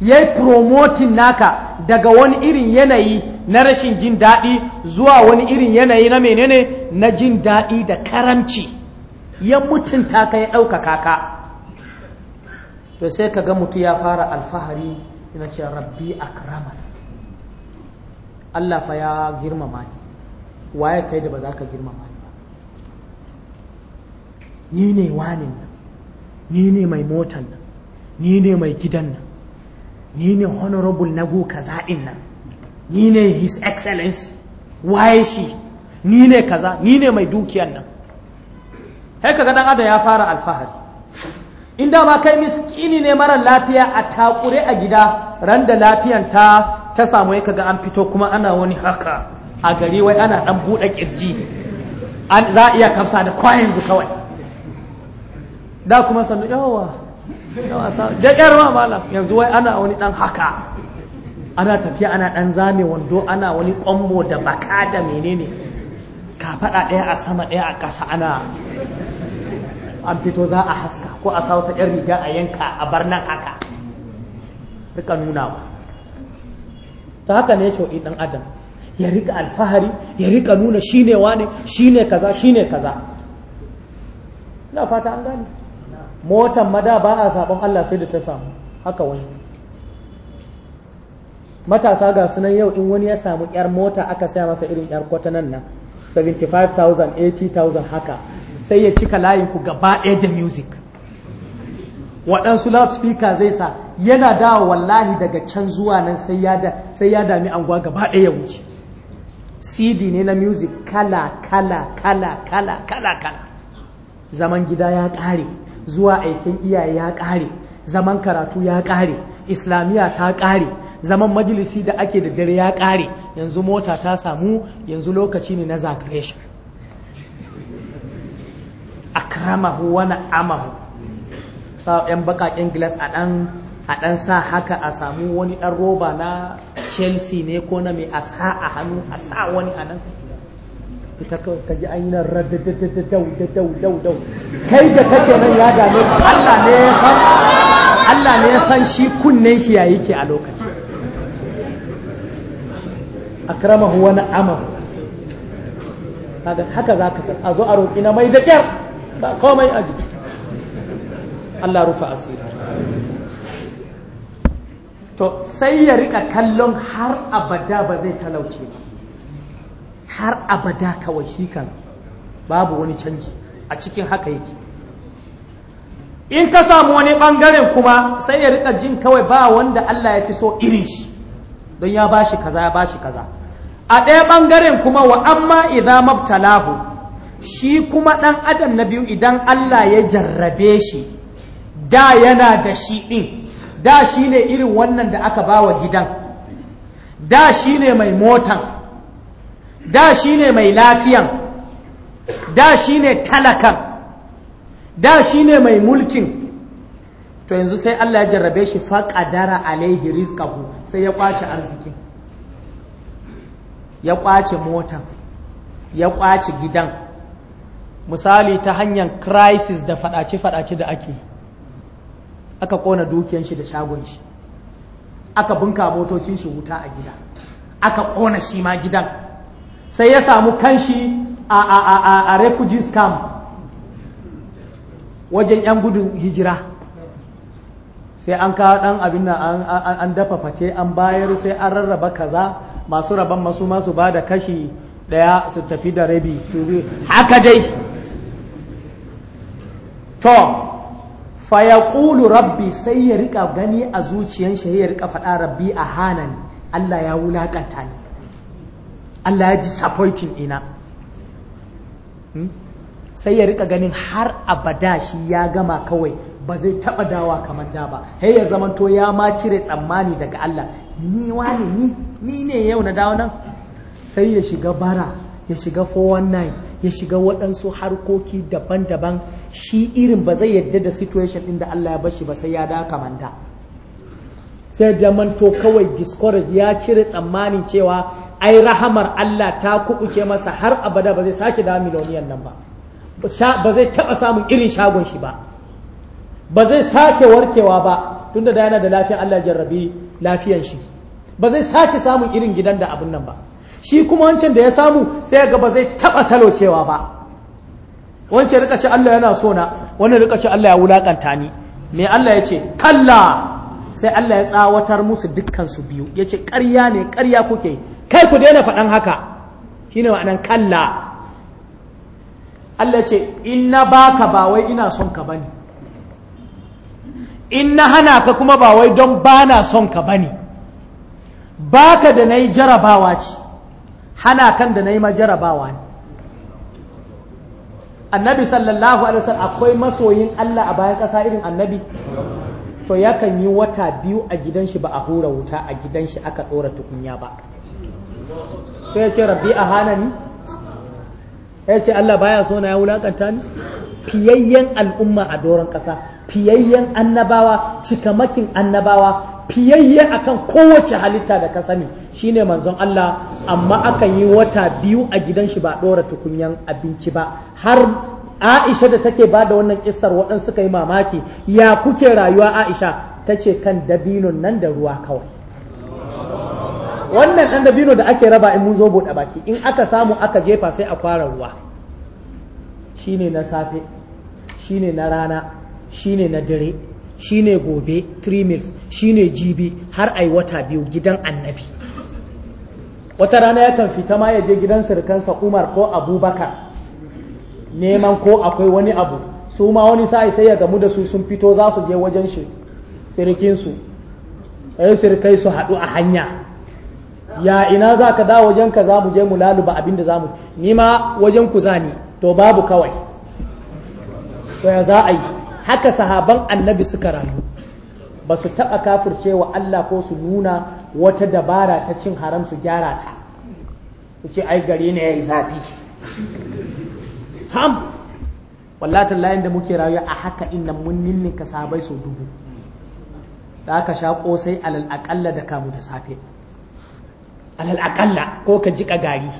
Speaker 1: ya promoting naka daga wani irin yanayi na rashin jin daɗi zuwa wani irin yanayi na menene na jin daɗi da karamci ya mutunta ka ya ɗaukaka ka to sai ka ga mutu ya fara alfahari yana ce rabbi akraman Allah fa ya girmama ni waye kai da ba za ka girmama ni ba ni ne wani nan ni ne mai motan nan ni ne mai gidan nan ni ne honorable na go kaza din nan ni ne his excellence waye shi ni ne kaza ni ne mai dukiyan nan sai kaga dan adam ya fara alfahari in da ma kai miskini ne mara lafiya a takure a gida ran da lafiyan ta ta samu ya kaga an fito kuma ana wani haka a gari wai ana dan buɗe kirji za a iya kamsa da kwa yanzu kawai da kuma sannu yawa yawa sa da yar ma mala yanzu wai ana wani dan haka ana tafiya ana dan zame wando ana wani kwambo da baka da menene ka faɗa ɗaya a sama ɗaya a ƙasa ana an fito za a haska ko a sa wata 'yar riga a yanka a bar nan haka rika nunawa ta haka ne co'i ɗan adam ya rika alfahari ya rika nuna shine wane shine kaza shine kaza ina fata an gani motan mada ba a sabon Allah sai da ta samu haka wani matasa ga sunan yau in wani ya samu yar mota aka saya masa irin yar kwatanan nan 75,000 80,000 haka sai ya cika layin ku gaba ɗaya da music waɗansu loudspeaker zai sa yana dawa wallahi daga can zuwa nan sai ya dami anguwa gaba ɗaya wuce cd ne na music kala kala kala kala kala kala zaman gida ya ƙare zuwa aikin iyaye ya ƙare zaman karatu ya ƙare islamiyya ta ƙare zaman majalisi da ake da dare ya ƙare yanzu mota ta samu yanzu lokaci ne na zakareshin akramahu wani amahu. sayan yan bakaken glass a ɗan a ɗan sa haka a samu wani ɗan roba na Chelsea ne ko na mai a sa a hannu a sa wani a nan ta ka ji kai da kake nan ya dame Allah ne ya san Allah ne ya san shi kunnen shi yayi ke a lokaci akramahu wa na'amahu haka za ka a zo a roƙi na mai da kyar ba komai a jiki Allah rufa asiri to sai ya rika kallon har abada ba zai talauce ba har abada kawai shi kan babu wani canji a cikin haka yake in ka samu wani bangaren kuma sai ya rika jin kawai ba wanda Allah ya fi so irin shi don ya bashi kaza ya bashi kaza a ɗaya bangaren kuma wa amma idan mabtalahu shi kuma ɗan adam na biyu idan Allah ya jarrabe shi da yana da shi ɗin da shi ne irin wannan da aka ba wa gidan da shi ne mai motan da shi ne mai lafiyan da shi ne talakan da shi ne mai mulkin to yanzu sai Allah ya jarrabe shi faƙadara alaihi rizqahu sai ya kwace arziki, ya kwace motan ya kwace gidan misali ta hanyar crisis da faɗace-faɗace da ake aka kona dukiyan shi da shagon shi aka bunka motocin shi wuta a gida aka kona shi ma gidan sai ya samu kanshi a a a a, a refugees camp wajen yan gudun hijira sai an kawo dan abin nan an dafa fate an bayar sai an rarraba kaza masu raban masu masu ba da kashi daya su tafi da rabi su haka dai to fayaƙulu rabbi sai ya riƙa gani a zuciyan shi ya riƙa faɗa rabbi a hanani Allah ya wulaƙanta ni Allah ya disappointing ina hmm? sai ya riƙa ganin har abada shi ya gama kawai ba zai taɓa dawa kamar da ba hey ya zamanto ya ma cire tsammani daga Allah ni wani ni ni ne yau na dawo nan sai ya shiga bara ya shiga 419 ya shiga waɗansu harkoki daban-daban shi irin ba zai yadda da situation ɗin da Allah ya bashi ba sai ya da kamanta sai da manto kawai discourage ya cire tsammanin cewa ai rahamar Allah ta kuɓuce masa har abada ba zai sake da miliyan nan ba ba zai taɓa samun irin shagon shi ba ba zai sake warkewa ba tunda da yana da lafiyar Allah jarrabi lafiyan shi ba zai sake samun irin gidan da abun nan ba shi kuma wancan da ya samu sai ga ba zai taba talaucewa ba wancan rika ce Allah yana so na wannan rika ce Allah ya wulakanta ni me Allah ya ce kalla sai Allah ya tsawatar musu dukkan su biyu ya ce ƙarya ne ƙarya kuke kai ku daina faɗan haka shine ma'anan kalla Allah ya ce in na baka ba wai ina son ka bane in na hana ka kuma ba wai don bana son ka bane baka da nayi jarabawa ce hana kan da na yi majarabawa ne annabi sallallahu alaihi wasallam akwai masoyin Allah a bayan ƙasa irin annabi to yakan yi wata biyu a gidan ba a hura wuta a gidan shi aka ɗora tukunya ba sai ya ce rabbi a hana ni ya ce Allah baya so na ya wulakanta ni fiyayyen al'umma a doron ƙasa fiyayyen annabawa cikamakin annabawa fiyayye akan kowace halitta da ka sani shine manzon Allah amma akan yi wata biyu a gidan shi ba ɗora tukunyan abinci ba har Aisha da take ba da wannan kissar waɗansu suka yi mamaki ya kuke rayuwa Aisha ta ce kan dabinon nan da ruwa kawai wannan ɗan dabino da ake raba in mun zo buɗe baki in aka samu aka jefa sai a kwara ruwa shine na safe shine na rana shine na dare shine gobe 3 Shi shine jibi har a yi wata biyu gidan annabi wata rana ya kan fita ma ya je gidan sirkansa umar ko abubakar neman ko akwai wani abu su ma wani sa'i sai ya gamu da su sun fito za su je wajen shi sirkinsu yi sirkai su haɗu a hanya ya ina za ka da wajen ka za mu je mu laluba abin da za mu ni ma wajen ku zani to babu kawai to ya za a yi haka sahaban annabi suka rayu ba su taɓa wa Allah ko su nuna wata dabara ta cin haram su gyara ta su ce ai gari ne ya yi zafi sam wallatan layin da muke rayuwa a haka inna mun ka sahabai sau dubu da aka sha kosai alal aƙalla da kamu da safe alal akalla ko ka ka gari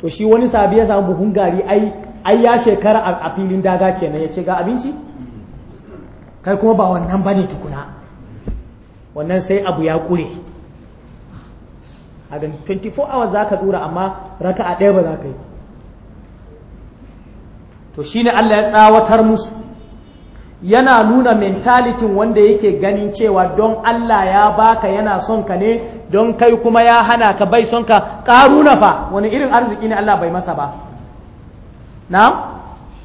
Speaker 1: to shi wani sabi ya samu buhun gari ai ai ya shekara a filin daga kenan ya ce ga abinci kai kuma ba wannan bane tukuna wannan sai abu ya kure a 24 hours za ka dura amma raka a ɗaya ba za ka yi to shi ne Allah ya tsawatar musu yana nuna mentalitin wanda yake ganin cewa don Allah ya baka yana son ka ne don kai kuma ya hana ka bai son ka ƙaru na fa wani irin arziki ne Allah bai masa ba na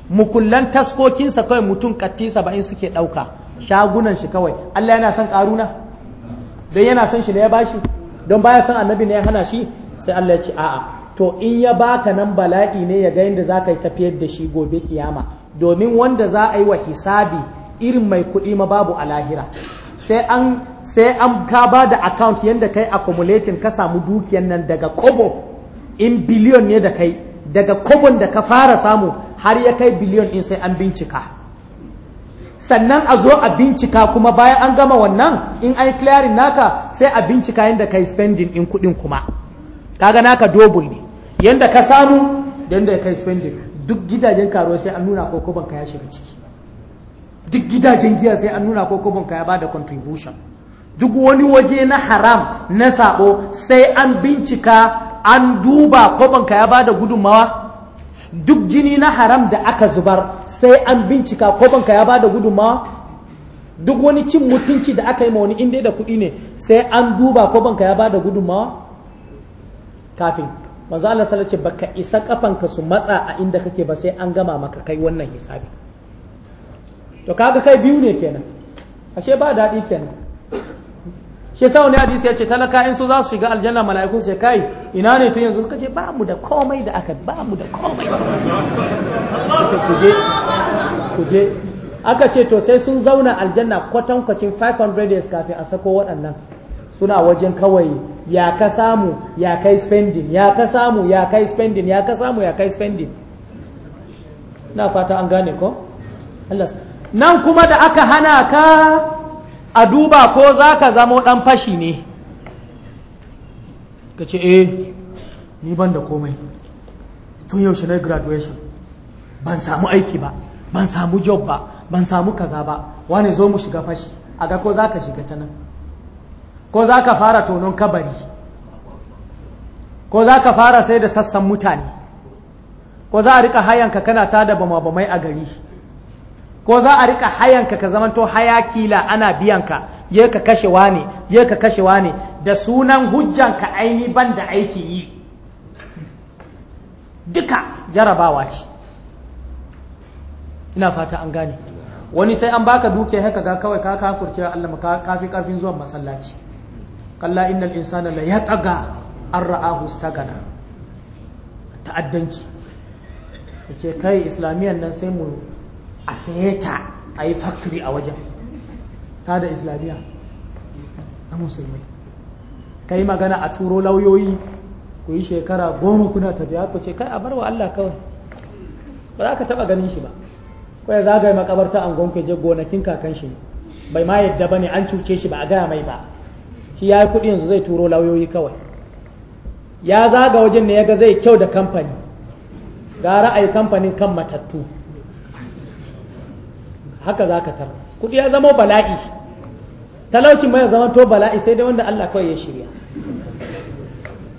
Speaker 1: mukullan taskokinsa kawai mutum katti saba'in suke ɗauka shagunan shi kawai Allah yana son ƙaruna don yana son shi ne ya bashi don baya son annabi ne ya hana shi sai Allah ya ce a'a to in ya baka nan bala'i ne ya ga yadda za ka yi tafiyar da shi gobe kiyama domin wanda za a yi wa hisabi irin mai kuɗi ma babu a lahira sai an sai an ka ba da account yadda kai accumulating ka samu dukiyan nan daga kobo in biliyon ne da kai daga kobon da ka fara samu har ya kai biliyon in sai an bincika sannan a zo a bincika kuma bayan an gama wannan in an clearing naka sai a bincika yadda ka yi spending in kuɗin kuma kaga naka dobul ne yadda ka samu da yadda ka yi spending duk gidajen karuwa sai an nuna ko ka ya shiga ciki duk gidajen giya sai an nuna ko kobon ka ya bada contribution duk wani waje na haram na sabo sai an bincika an duba kwabanka ya bada gudunmawa duk jini na haram da aka zubar sai an bincika kwabanka ya bada gudunmawa duk wani cin mutunci da aka yi ma wani inda da kuɗi ne sai an duba kwabanka ya bada gudunmawa kafin manzo Allah sallallahu baka isa kafanka su matsa a inda kake ba sai an gama maka kai wannan hisabi to kaga kai biyu ne kenan ashe ba daɗi kenan shi sau ne hadisi ya ce talaka in su za su shiga aljanna mala'iku su kai ina ne tun yanzu kace ba mu da komai da aka ba mu da komai kuje kuje aka ce to sai sun zauna aljanna kwacin 500 years kafin a sako waɗannan suna wajen kawai ya ka samu ya kai spending ya ka samu ya kai spending ya ka samu ya kai spending na fata an gane ko Allah nan kuma da aka hana ka a duba ko za ka zamo ɗan fashi ne ka ce eh ni ban da komai tun yaushe na graduation ban samu aiki ba ban samu job ba ban samu kaza ba wani zo mu shiga fashi a ga ko za ka shiga ta nan ko za ka fara tonon kabari ko za ka fara sai da sassan mutane ko za a rika hayanka kana tada bama bamai a gari ko za a rika hayanka ka zamanto hayakila ana biyanka je ka kashe wane je ka kashe wane da sunan hujjanka aini ban da aiki yi duka jarabawa ce ina fata an gane wani sai an baka duke haka ga kawai ka kafurce Allah ka kafi karfin zuwan masallaci kalla innal insana la yataga an ra'ahu stagana ta'addanci ce kai islamiyan nan sai mu a saye ta a yi factory a wajen ta da islamiyya na musulmi ka yi magana a turo lauyoyi ku yi shekara goma kuna tafiya ku ce kai a bar wa Allah kawai ba za ka taɓa ganin shi ba kawai zagaye makabarta an gonke je gonakin kakan shi bai ma yadda ba ne an cuce shi ba a gaya mai ba shi ya yi kuɗi yanzu zai turo lauyoyi kawai ya zaga wajen ne ya ga zai kyau da kamfani gara a kamfanin kan matattu haka za ka tara kuɗi ya zama bala'i talaucin mai zama to bala'i sai dai wanda Allah kawai ya shirya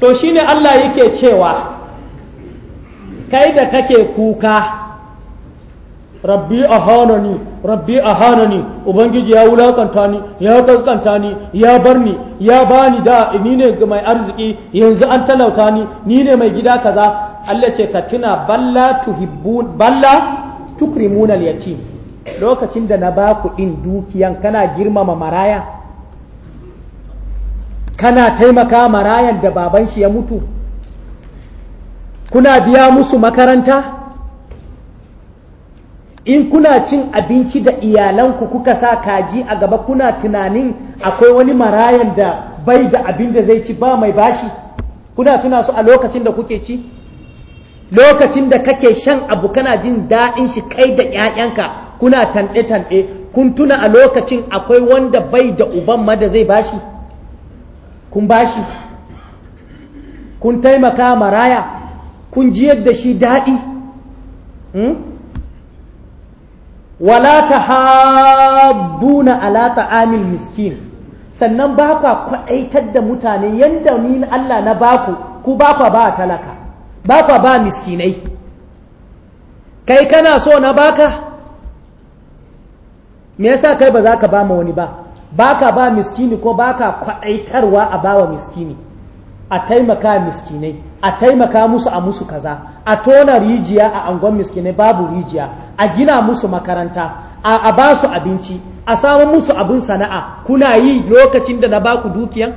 Speaker 1: to shi ne Allah yake cewa kai da kake kuka rabbi a rabbi a ubangiji ya wulakanta ni ya kaskanta ni ya bar ni ya bani da ni ne mai arziki yanzu an talauta ni ni ne mai gida kaza Allah ce ka tuna balla tuhibbun balla tukrimunal yatim lokacin da na ba ku ɗin dukiyan kana girmama maraya kana taimaka marayan da baban shi ya mutu kuna biya musu makaranta in kuna cin abinci da iyalanku kuka sa kaji a gaba kuna tunanin akwai wani marayan da bai da abin da zai ci ba mai bashi kuna tuna su a lokacin da kuke ci lokacin da kake shan abu kana jin daɗin shi kai da 'ya'yanka kuna tanɗe-tanɗe kun tuna a lokacin akwai wanda bai da uban ma da zai bashi kun bashi kun taimaka maraya kun jiyar da shi daɗi hmm? wala ta habbuna ala amin miskin sannan ba kwa kwaɗaitar da mutane yadda ni Allah na baku ku ba kwa ba talaka ba kwa ba miskinai kai kana so na baka me yasa kai ba za ka ba ma wani ba baka ba miskini ko baka kwaɗaitarwa a bawa miskini a taimaka miskinai a taimaka musu a musu kaza a tona rijiya a angon miskinai babu rijiya a gina musu makaranta a ba su abinci a samu musu abin sana'a kuna yi lokacin da na baku dukiyan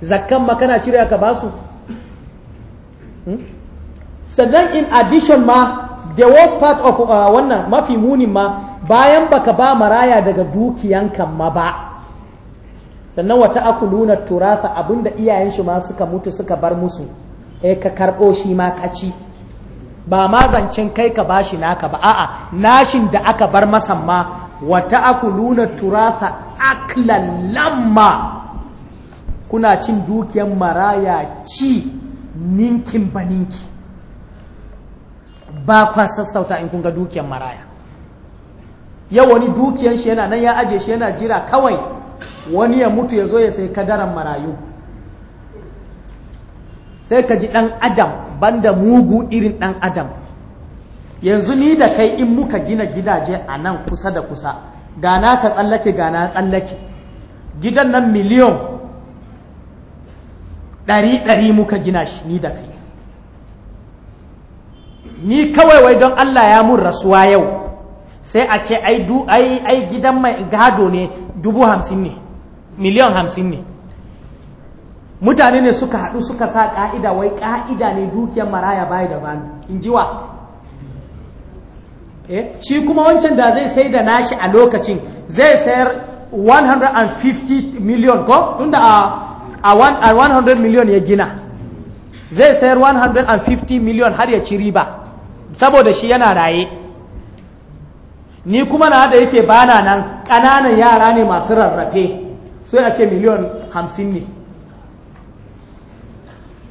Speaker 1: zakkan makana cire ka ba su hmm? sannan in addition ma the worst part of uh, wannan mafi munin ma bayan baka ba maraya daga dukiyan ma ba sannan wata akuluna turasa abinda iyayen shi ma suka mutu suka bar musu eh ka karɓo shi ma ka ci ba ma zancin kai ka bashi naka ba a'a nashin da aka bar masa ma wata akuluna turasa aklan lamma kuna cin dukiyan maraya ci ninkin ba ninki ba kwa sassauta in kun ga dukiyan maraya yau wani dukiyan shi yana nan ya aje shi yana jira kawai wani ya mutu ya zo ya sai kadaran marayu sai ka ji ɗan adam banda mugu irin ɗan adam yanzu ni da kai in muka gina gidaje a nan kusa da kusa gana ka tsallake gana tsallake gidan nan miliyon ɗari-ɗari muka gina shi ni da kai ni kawai wai don Allah ya mun rasuwa yau sai a ce ai du ai ai gidan mai gado ne dubu hamsin ne miliyan hamsin ne mutane ne suka haɗu suka sa ƙa'ida wai ƙa'ida ne dukiyar maraya baya da bani in ji wa eh, shi kuma wancan da zai sai da nashi a lokacin zai sayar 150 million ko tunda a 100 million ya gina zai sayar 150 million har ya ci riba saboda shi yana raye ni kuma na da yake bana nan ƙananan yara ne masu rarrafe sai a ce miliyon hamsin ne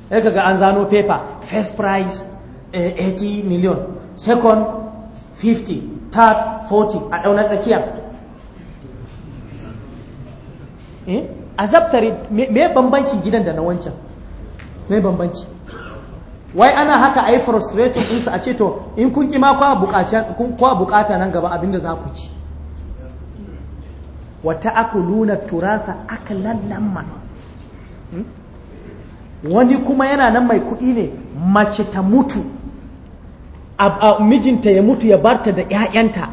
Speaker 1: ya kaga an zano paper first price 80 eh, million second 50 third 40 a ɗaunar tsakiyar eh? a zaftare mai bambancin gidan da na wancan mai bambancin wai ana haka ai frustrating ɗinsu a ce to in kun ƙi ma kwa bukata nan gaba abinda za ku ci wata aku akuluna turasa lallan ma. Hmm? wani kuma yana nan mai kuɗi ne mace ta mutu A mijinta ya mutu ya barta da 'ya'yanta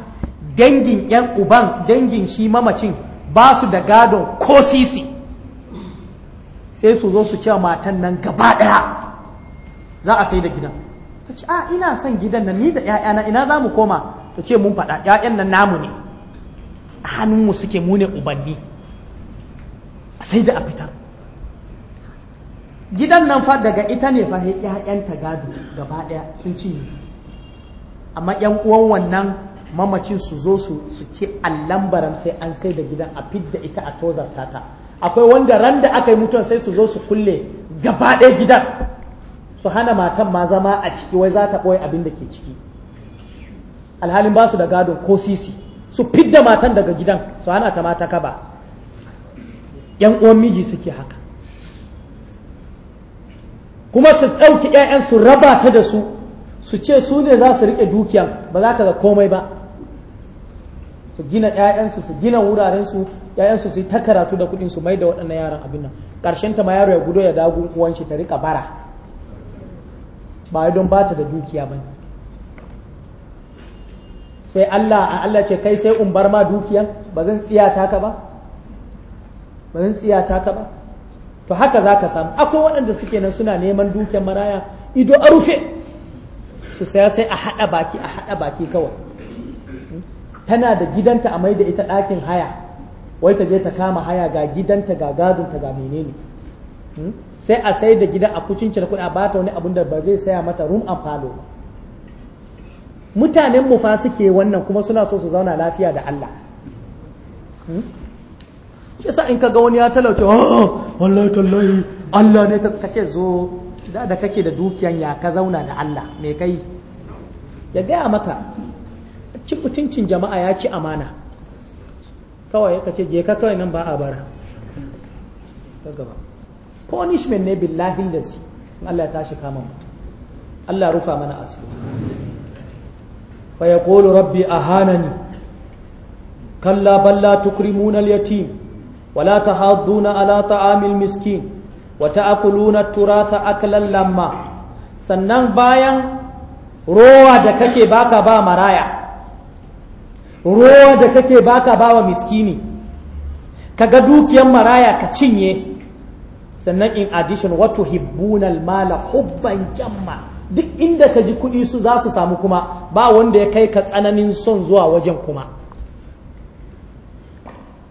Speaker 1: dangin 'yan uban dangin shi mamacin ba su da gadon ko sisi sai su zo su ce matan nan gaba ɗaya za a sai da gidan ta ce a ina son gidan nan ni da ƴaƴana ina za mu koma ta ce mun faɗa ƴaƴan nan namu ne a hannunmu suke mu ne ubanni sai da a fita gidan nan fa daga ita ne yayan ƴaƴanta gado gaba ɗaya sun cinye amma ƴan uwan wannan mamacin su zo su su ce allambaran sai an sai da gidan a fidda ita a tozarta ta akwai wanda ran da aka yi mutuwa sai su zo su kulle gaba ɗaya gidan su hana matan ma zama a ciki wai za ta ɓoye abin da ke ciki alhalin ba su da gado ko sisi su fidda matan daga gidan su hana ta mata kaba yan uwan miji suke haka kuma su ɗauki 'ya'yan su raba ta da su su ce su ne za su riƙe dukiyan ba za ka ga komai ba su gina 'ya'yansu su gina wurarensu 'ya'yansu su yi ta karatu da kuɗi su mai da waɗannan yaran abin nan ƙarshen ta ma yaro ya gudo ya dagu uwan shi ta riƙa bara ba don ba ta da dukiya ba sai Allah Allah ce kai sai umbar bar ma dukiya, ba zan tsiyata ka ba ba zan ta ka ba to haka za ka samu akwai waɗanda suke nan suna neman dukiyar maraya ido a rufe su saya sai a haɗa baki a haɗa baki kawai tana da gidanta a mai da ita ɗakin haya wai ta je ta kama haya ga gidanta ga gadonta ga menene Hmm? sai a sai da gida a kucinci da kuɗi a bata wani abun da ba zai saya mata room and falo ba mutanen mu fa suke wannan kuma suna so su zauna lafiya da Allah hmm? shi sa in ka ga wani ya talauce oh, wallahi tallahi Allah ne ta kake zo da da kake da dukiyan ya ka zauna da Allah me kai ya gaya maka ci mutuncin jama'a ya ci amana kawai ka ce je ka kawai nan ba a bara ta gaba punishment ne billahi da su Allah ya tashi kama mutum Allah rufa mana asiri fa yaqulu rabbi hanani kalla balla tukrimuna al-yatim wala na ala amil miskin wa ta'kuluna turasa aklan lamma sannan bayan rowa da kake baka ba maraya rowa da kake baka ba wa miskini kaga dukiyan maraya ka cinye sannan in addition wato hibbunal mala hubban jamma duk inda ka ji kuɗi su za su samu kuma ba wanda ya kai ka tsananin son zuwa wajen kuma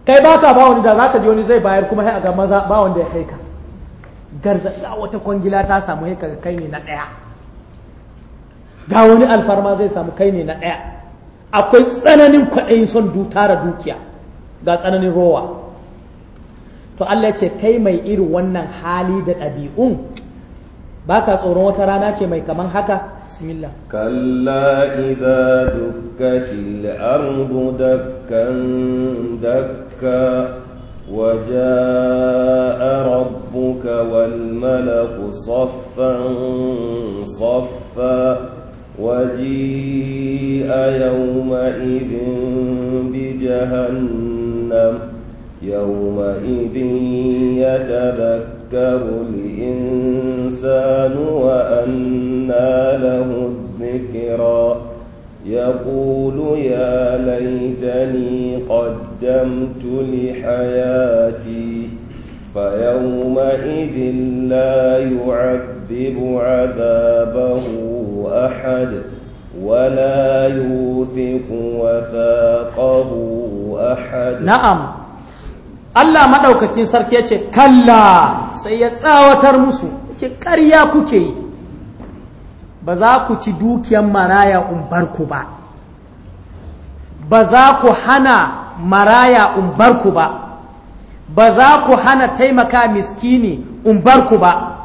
Speaker 1: kai ba ka ba wani da za ka ji wani zai bayar kuma sai a ga maza ba wanda ya kai ka Garza ga wata kwangila ta samu ka kai ne na ɗaya ga wani alfarma zai samu kai ne na ɗaya akwai tsananin kwaɗayin son dutara dukiya ga tsananin rowa to Allah ce kai mai irin wannan hali da ɗabi'un ba ka tsoron wata rana ce mai kaman haka bismillah
Speaker 2: kalla idza dukkatil ardu dakkan dakka وجاء ربك والملك صفا صفا وجيء bi بجهنم يومئذ يتذكر الإنسان وأنى له الذكرى يقول يا ليتني قدمت لحياتي فيومئذ لا يعذب عذابه أحد ولا يوثق وثاقه أحد
Speaker 1: نعم Allah maɗaukacin sarki ya ce kalla sai ya tsawatar musu ce ƙarya kuke yi ba za ku ci dukiyan maraya umbarku ba ba za ku hana maraya umbarku ba ba za ku hana taimaka miskini umbarku ba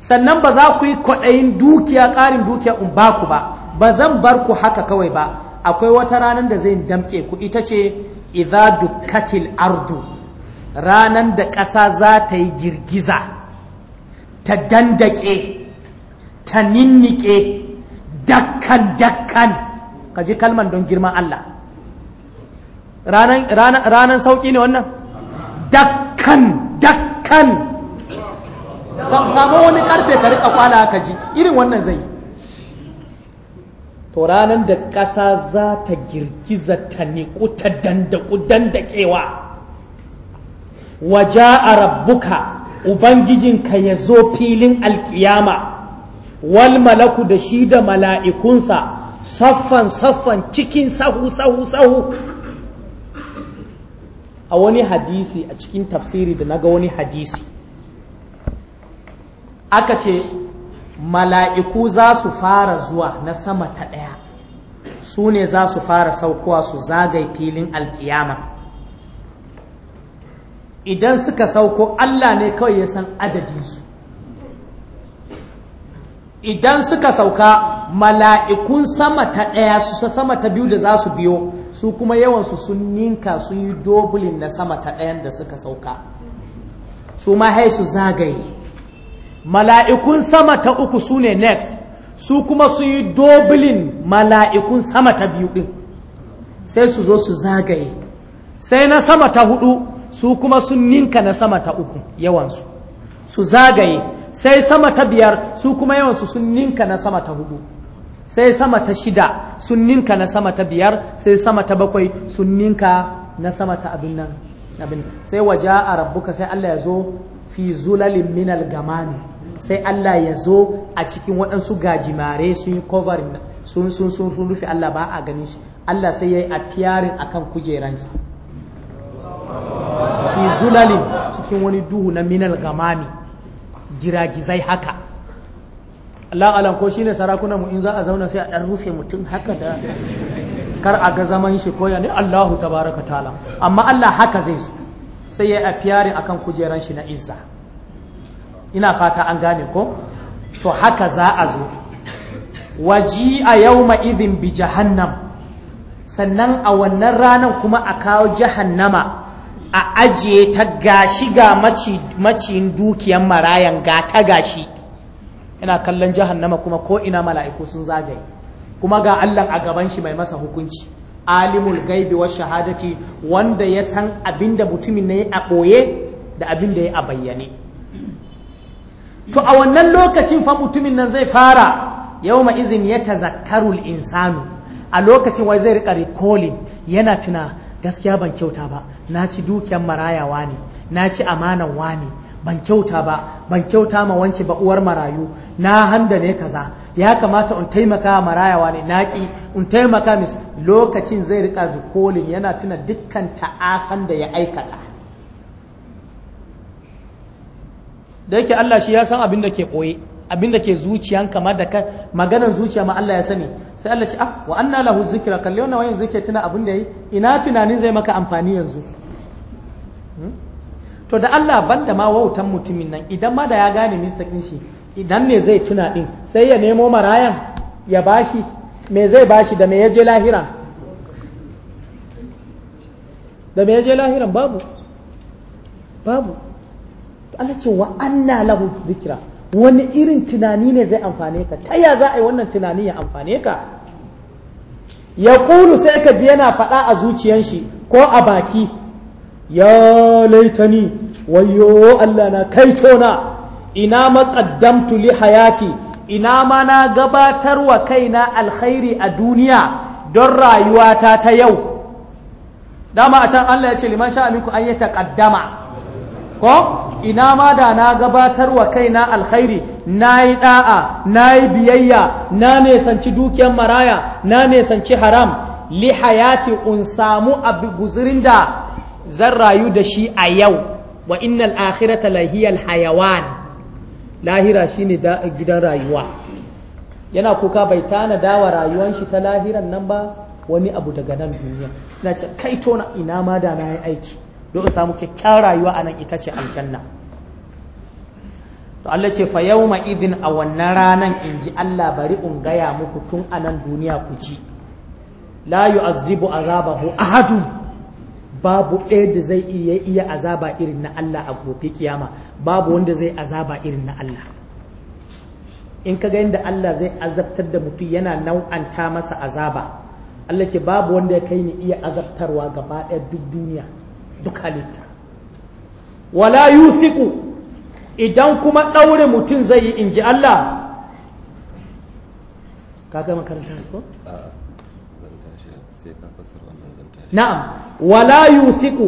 Speaker 1: sannan ba za ku yi kwaɗayin dukiya ƙarin dukiya umbaku ba ba zan barku haka kawai ba akwai wata ranar da zai damƙe ku ita ce Iza dukkatil ardu ranan da ƙasa za ta yi girgiza ta dandake ta ninnike dakkan dakkan ka ji kalman don girman Allah ranan sauƙi ne wannan dakkan dakkan samu wani karfe ka rika kwana ka ji irin wannan zai yi to ranar da ƙasa za ta girgiza ta niƙu ta dandaƙu dandaƙewa waje a rabbuka ubangijinka ya zo filin alkiyama wal malaku da shi da mala'ikunsa saffan saffan cikin sahu sahu sahu a wani hadisi a cikin tafsiri da naga wani hadisi aka ce mala'iku za su fara zuwa na sama ta ɗaya su ne za su fara saukowa su zagaye filin alkiyama idan suka sauko Allah ne kawai ya san adadinsu idan suka sauka mala'ikun sama ta ɗaya su sama ta biyu da za su biyo su kuma yawansu sun ninka sun yi dobulin na sama ta ɗayan da suka sauka su ma haisu zagaye mala'ikun sama ta uku su ne next su kuma su yi dobilin mala'ikun sama ta biyu ɗin sai su zo su zagaye sai na sama ta hudu su kuma sun ninka na sama ta uku yawansu su zagaye sai sama ta biyar su kuma yawansu sun ninka na sama ta hudu sai sama ta shida sun ninka na sama ta biyar sai sama ta bakwai sun ninka na sama ta abin nan abin sai waje a rabbuka sai Allah ya zo fi zulalin minal ne, sai Allah ya zo a cikin waɗansu gajimare sun yi cover sun sun sun rufe Allah ba a ganin shi Allah sai ya yi appearing akan kujeransa fi zulalin cikin wani duhu na minal gamami giragizai haka Allah alam ko shine sarakuna mu in za a zauna sai a dan rufe mutum haka da kar a ga zaman shi koya ne Allahu tabaraka taala amma Allah haka zai so sai ya afiyarin kan kujeran shi na izza ina fata an gane ko to haka za a zo waji a yau ma izin bi jahannam sannan a wannan ranar kuma a kawo jahannama a ajiye ta gashi ga maciyin dukiyan marayan ga ta gashi ina kallon jahannama kuma ko ina mala'iku sun zagaye kuma ga Allah a gaban shi mai masa hukunci alimul gaibi wa shahadati wanda ya san abinda mutumin ne a ɓoye da abinda ya a bayyane to a wannan lokacin fa mutumin nan zai fara yawma izin ya tazakkarul insanu a lokacin wai zai rika recalling yana tuna gaskiya ban kyauta ba na ci dukiyar marayawa ne na ci amanan wani ban kyauta ba ban kyauta ma wance ba uwar marayu na handa ne kaza ya kamata in taimaka marayawa ne na ki in taimaka mis lokacin zai rika rikolin yana tuna dukkan ta'asan da ya aikata da yake Allah shi ya san abin da ke koye Abinda ke zuciyanka ma da kai. maganar zuciya ma Allah ya sani sai Allah ce ah wa anna lahu zikra kalli wannan wayin zuke tuna abin da yi ina tunanin zai maka amfani yanzu hmm? to da Allah banda ma wautan mutumin nan idan ma da ya gane mistakin shi idan ne zai tuna din sai ya nemo marayan ya bashi me zai bashi da me ya je lahira da me ya je babu babu Allah ce wa anna lahu zikra wani irin tunani ne zai amfane ka ta ya za a yi wannan tunani ya amfane ka ya kulu sai ka ji yana faɗa a zuciyan shi ko a baki ya laitani wayo Allah na kai tona ina maƙaddamtu li hayati ina ma na gabatar wa kaina alkhairi a duniya don rayuwata ta yau dama a can Allah ya ce liman sha an yi taƙaddama ko ina ma da na gabatar wa kaina alkhairi na yi ɗa'a na yi biyayya na sanci dukiyar maraya na sanci haram li hayati un samu abu guzurin da zan rayu da shi a yau wa innal ta lahiyal hayawan lahira shine gidan rayuwa yana kuka bai tana dawa rayuwan shi ta lahiran nan ba wani abu daga nan duniya na ce kai tona ina ma da na yi aiki don samu kyakkyawar rayuwa a nan ita ce aljanna to Allah ce fa yawma idin a wannan ranan in ji Allah bari in gaya muku tun a nan duniya ku ji la yu'azzibu azabahu ahadun babu ɗaya da zai iya iya azaba irin na Allah a gobe kiyama babu wanda zai azaba irin na Allah in ka ga yadda Allah zai azabtar da mutum yana nau'anta masa azaba Allah ce babu wanda ya kai ni iya azabtarwa gaba ɗaya duk duniya duk halitta wala yuthiqu idan kuma ɗaure mutum zai yi in ji Allah ka su ko? na'am wala yuthiqu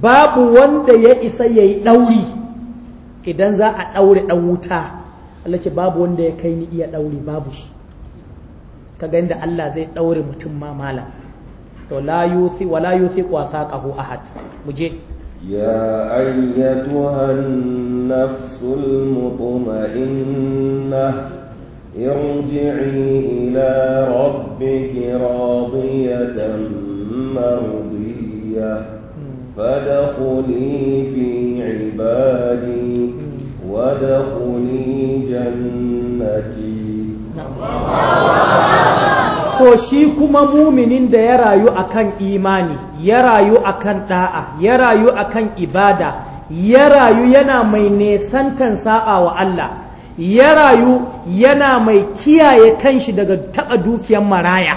Speaker 1: babu wanda ya isa ya yi ɗauri idan za a ɗaure ɗan wuta Allah ce babu wanda ya kai ni iya ɗauri babu shi ka ga inda Allah zai ɗaure mutum ma malam ولا la yuthi wa la yuthiqu wasaqahu
Speaker 2: يا أيتها النفس المطمئنة ارجعي إلى ربك راضية مرضية فادخلي في عبادي وادخلي جنتي
Speaker 1: to shi kuma muminin da ya rayu a kan imani ya rayu a kan ɗa'a, ya rayu a kan ibada ya rayu yana mai nesantan sa'a wa Allah ya rayu yana mai kiyaye kanshi daga taɓa dukiyar maraya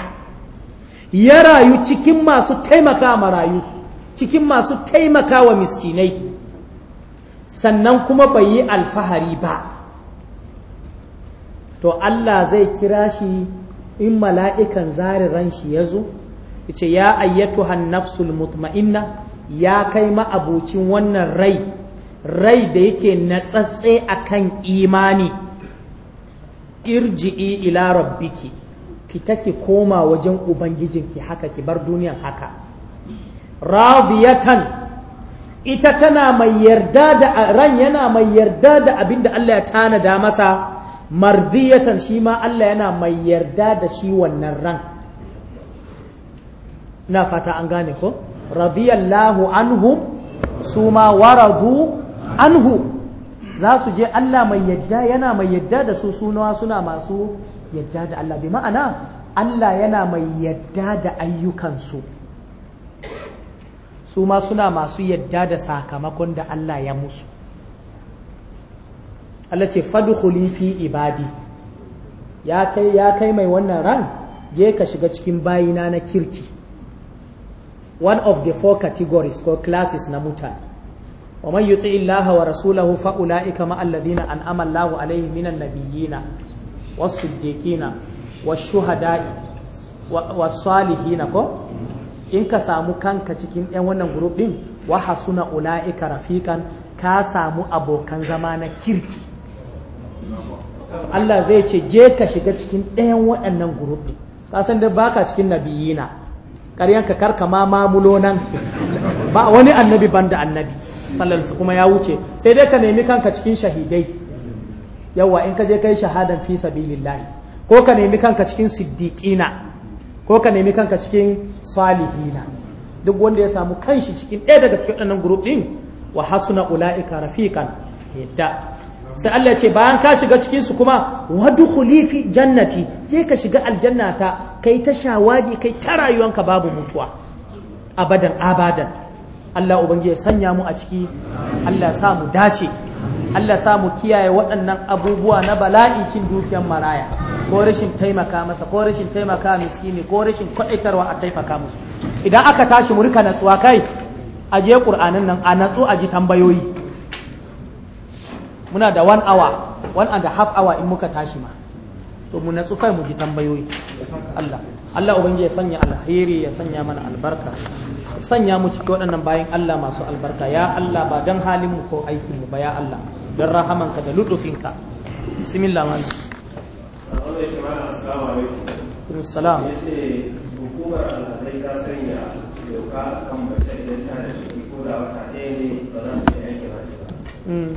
Speaker 1: ya rayu cikin masu taimaka marayu cikin masu taimaka wa miskinai sannan kuma bai yi alfahari ba to Allah zai kira shi in mala'ikan zari ran shi ya zo ce ya ayyatu nafsul mutma'inna ya kai ma'abocin wannan rai rai da yake na natsatse akan imani irji'i ila rabbiki fita ki koma wajen ubangijinki haka ki bar duniyan haka radiyatan ita tana mai yarda da ran yana mai yarda da abinda Allah ya tanada masa mardiyatan shi ma Allah yana mai yarda da shi wannan ran na fata an gane ko radiyallahu anhum su ma waradu anhu za su je Allah mai yadda yana mai yadda da su sunawa suna masu yadda da Allah bi ma'ana Allah yana mai yarda da ayyukansu su ma suna masu yarda da sakamakon da Allah ya musu Allah ce fadkhuli fi ibadi ya kai ya kai mai wannan ran je ka shiga cikin bayina na kirki one of the four categories ko classes na mutane ومن يطع الله ورسوله فأولئك مع الذين أنعم الله عليهم من النبيين والصديقين والشهداء والصالحين in ka samu kanka cikin 'yan wannan grup din wa hasuna ula'ika rafikan ka samu abokan zama na kirki Allah zai ce je ka shiga cikin ɗayan waɗannan gurufi ka san da ka cikin nabiyina kar ka karka ma mamulo nan ba wani annabi ban da annabi sallallahu kuma ya wuce sai dai ka nemi kanka cikin shahidai yawa in ka je kai shahadan fi sabilillahi ko ka nemi kanka cikin siddiqina ko ka nemi kanka cikin salihina duk wanda ya samu kanshi cikin ɗaya daga cikin waɗannan group ɗin wa hasuna ula'ika rafiqan yadda sai Allah ce bayan ka shiga cikin su kuma wadu fi jannati je ka shiga aljannata kai ta shawagi kai ta rayuwanka babu mutuwa abadan abadan Allah ubangi ya sanya mu a ciki Allah sa mu dace Allah sa mu kiyaye waɗannan abubuwa na bala'i cin dukiyar maraya ko rashin taimaka masa ko rashin taimaka miskini ko rashin kwaɗaitarwa a taifaka musu idan aka tashi mu rika natsuwa kai a je ƙur'anin nan a natsu a ji tambayoyi muna da one hour one and a half hour in muka tashi ma to mu natsu kai mu ji tambayoyi Allah Allah ubangi ya sanya alheri ya sanya mana albarka sanya mu cikin waɗannan bayan Allah masu albarka ya Allah ba dan halin mu ko aikin mu ba ya Allah dan rahamanka da lutufinka bismillah man Assalamu
Speaker 2: alaikum. hukumar alhazai ta sanya doka
Speaker 1: kan mace idan tana da ko da wata ɗaya ne ba za ta yi aiki ba. Hmm.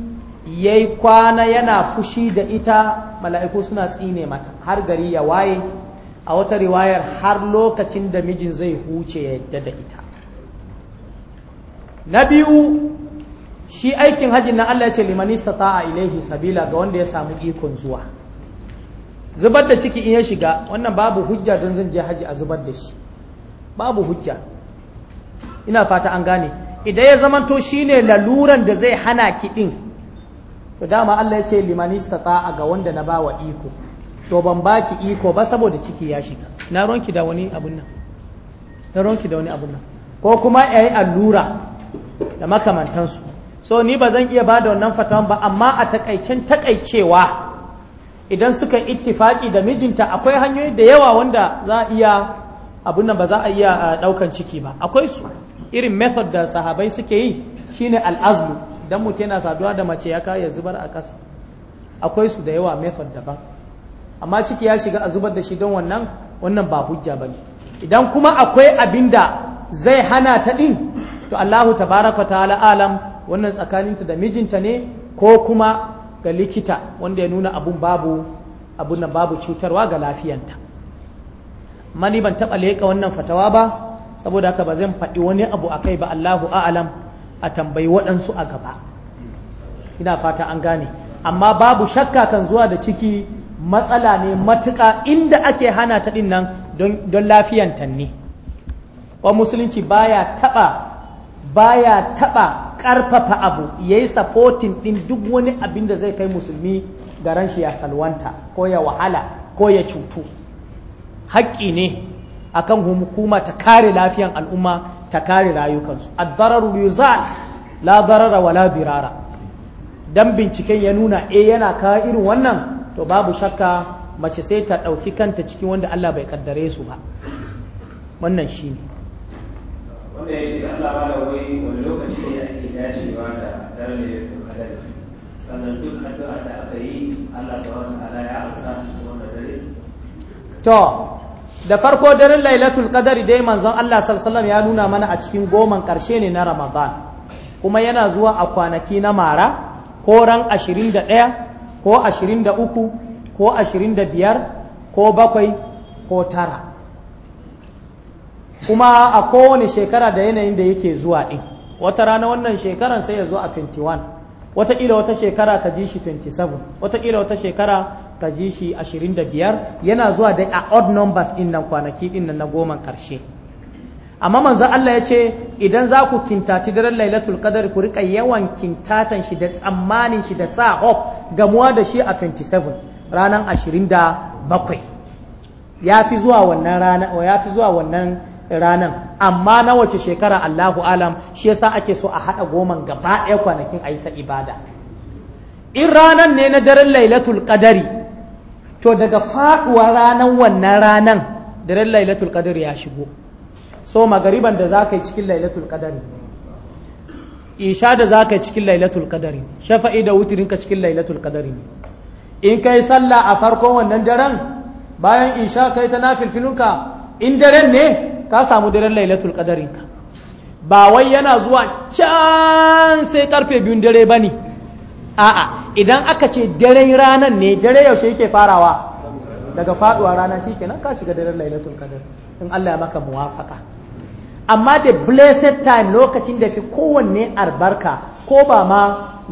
Speaker 1: ya kwana yana fushi da ita mala'iku suna tsine mata har gari ya waye a wata riwayar har lokacin da mijin zai huce ya yadda da ita na biyu shi aikin hajji na Allah ya ce limanista ta a ilaihi sabila ga wanda ya samu ikon zuwa zubar da ciki in ya shiga wannan babu hujja don zan je haji a zubar da shi babu hujja ina fata an gane idan ya zamanto shine laluran da zai hana ki din to dama Allah ya ce liman istata'a ga wanda na bawa iko to ban baki iko ba saboda ciki ya shiga na ronki da wani abun nan na ronki da wani abun nan ko kuma yayi allura da makamantansu so ni ba zan iya bada wannan fatawan ba amma a takaicen takaicewa idan suka ittifaki da mijinta akwai hanyoyi da yawa wanda za a iya abun nan ba za a iya daukan eh, ciki ba akwai su irin method da sahabai suke yi shine al'azmu dan mutum yana saduwa da mace ya kawo ya zubar a ƙasa akwai su da yawa method daban amma ciki ya shiga a zubar da shi don wannan wannan ba hujja bane idan kuma akwai abin da zai hana ta din to Allahu tabaraka ta'ala alam wannan tsakaninta da mijinta ne ko kuma ga likita wanda ya nuna abun babu abun nan babu cutarwa ga lafiyanta mani ban taɓa leƙa wannan fatawa ba saboda haka ba zan faɗi wani abu a kai ba Allahu a'alam a tambayi waɗansu a gaba ina fata an gane amma babu shakka kan zuwa da ciki matsala ne matuƙa inda ake hana ta ɗin nan don lafiyanta ne wa musulunci baya taɓa baya taɓa ƙarfafa abu ya yi sapotin ɗin duk wani abin da zai kai musulmi garan shi ya salwanta ko ya wahala ko ya cutu haƙƙi ne akan hukuma ta kare lafiyan al'umma ta kare rayukansu ad-dararu yuzal la darara wala dirara dan binciken ya nuna eh yana ka irin wannan to babu shakka mace sai ta ɗauki kanta cikin wanda Allah bai kaddare su ba wannan shi ne
Speaker 2: wanda ya shiga Allah ba da wai wani lokaci ne ake
Speaker 1: dacewa da daren da sannan duk addu'a da aka yi Allah subhanahu wa ta'ala ya amsa cikin wannan dare to da farko daren lailatul qadari dai manzon Allah sallallahu ya nuna mana a cikin goman karshe ne na Ramadan kuma yana zuwa a kwanaki na mara ko ran 21 ko 23 ko 25 ko bakwai ko tara kuma a kowane shekara da yanayin da yake zuwa din wata rana wannan shekaran sai ya zo a 21 ila wata shekara ka ji shi 27 wataƙila wata shekara ka ji shi 25 yana zuwa da a odd numbers din nan kwanaki din nan na goma karshe amma manzo Allah ya ce idan za ku kintati daren lailatul qadar ku rika yawan kintatan shi da tsammanin shi da sa hope gamuwa da shi a 27 ranar 27 ya fi zuwa wannan rana ya fi zuwa wannan ranan amma na wace shekara Allahu alam shi yasa ake so a haɗa goman gaba ɗaya kwanakin a yi ta ibada in ranan ne na daren lailatul qadari to daga faɗuwa ranar wannan ranan daren lailatul qadari ya shigo so magariban da zaka yi cikin lailatul qadari isha da zaka yi cikin lailatul qadari shafa'i da cikin lailatul qadari in kai sallah a farkon wannan daren bayan isha kai ta nafilfilunka in daren ne ka samu daren lailatul qadarin ba wai yana zuwa can sai karfe biyun dare bane a'a idan aka ce dare ranan ne dare yaushe yake farawa daga faɗuwa rana shikenan ka shiga daren lailatul qadar in Allah ya maka muwafaka amma da blessed time lokacin da fi kowanne albarka ko ba ma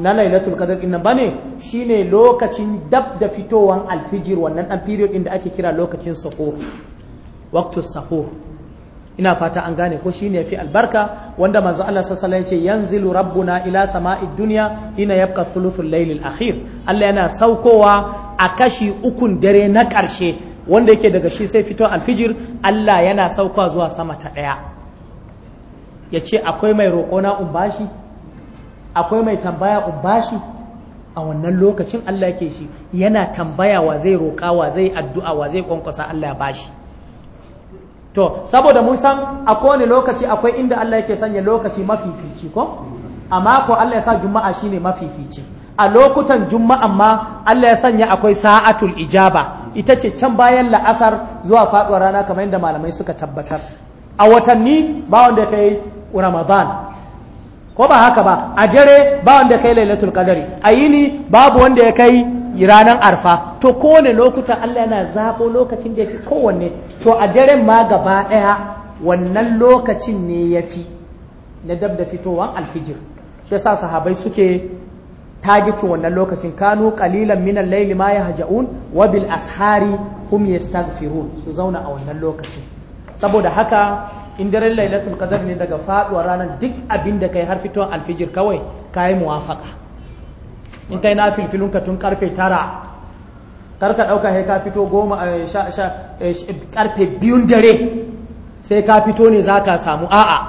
Speaker 1: na lailatul qadar din nan bane shine lokacin dab da fitowan alfijir wannan dan period din da ake kira lokacin sahur waqtus sahur ina fata an gane ko shine fi albarka wanda manzo Allah sallallahu alaihi wasallam yanzilu rabbuna ila sama'id dunya ina yabqa thuluthul layl akhir Allah yana saukowa a kashi ukun dare na karshe wanda yake daga shi sai fito alfijir Allah yana saukowa zuwa sama ta daya yace akwai mai roƙo na umbashi akwai mai tambaya umbashi a wannan lokacin Allah yake shi yana tambaya wa zai roƙa wa zai addu'a wa zai kwankwasa Allah ya bashi to saboda mun san a kowane lokaci akwai inda Allah yake sanya lokaci mafifici ko amma ko Allah ya sa juma'a shine mafifici a lokutan juma'a ma Allah ya sanya akwai sa'atul ijaba ita ce can bayan la'asar zuwa faduwar rana kamar yadda malamai suka tabbatar a watanni ba wanda kai ramadan ko ba haka ba a dare ba wanda kai lailatul qadari a yini babu wanda ya kai ranar arfa to kowane lokutan Allah yana zaɓo lokacin da ya fi kowanne to a daren ma gaba ɗaya wannan lokacin ne ya fi na dab da fitowar alfijir shi sa sahabai suke tagitin wannan lokacin kanu kalilan minan laili ma yahja'un wa bil ashari hum yastaghfirun su zauna a wannan lokacin saboda haka in daren lailatul kadar ne daga faduwar ranar duk abin da kai har fitowar alfijir kawai kai muwafaka in kai na ka tun karfe tara karka ɗauka sai ka fito goma eh, eh, karfe biyun dare sai ka fito ne za ka samu a'a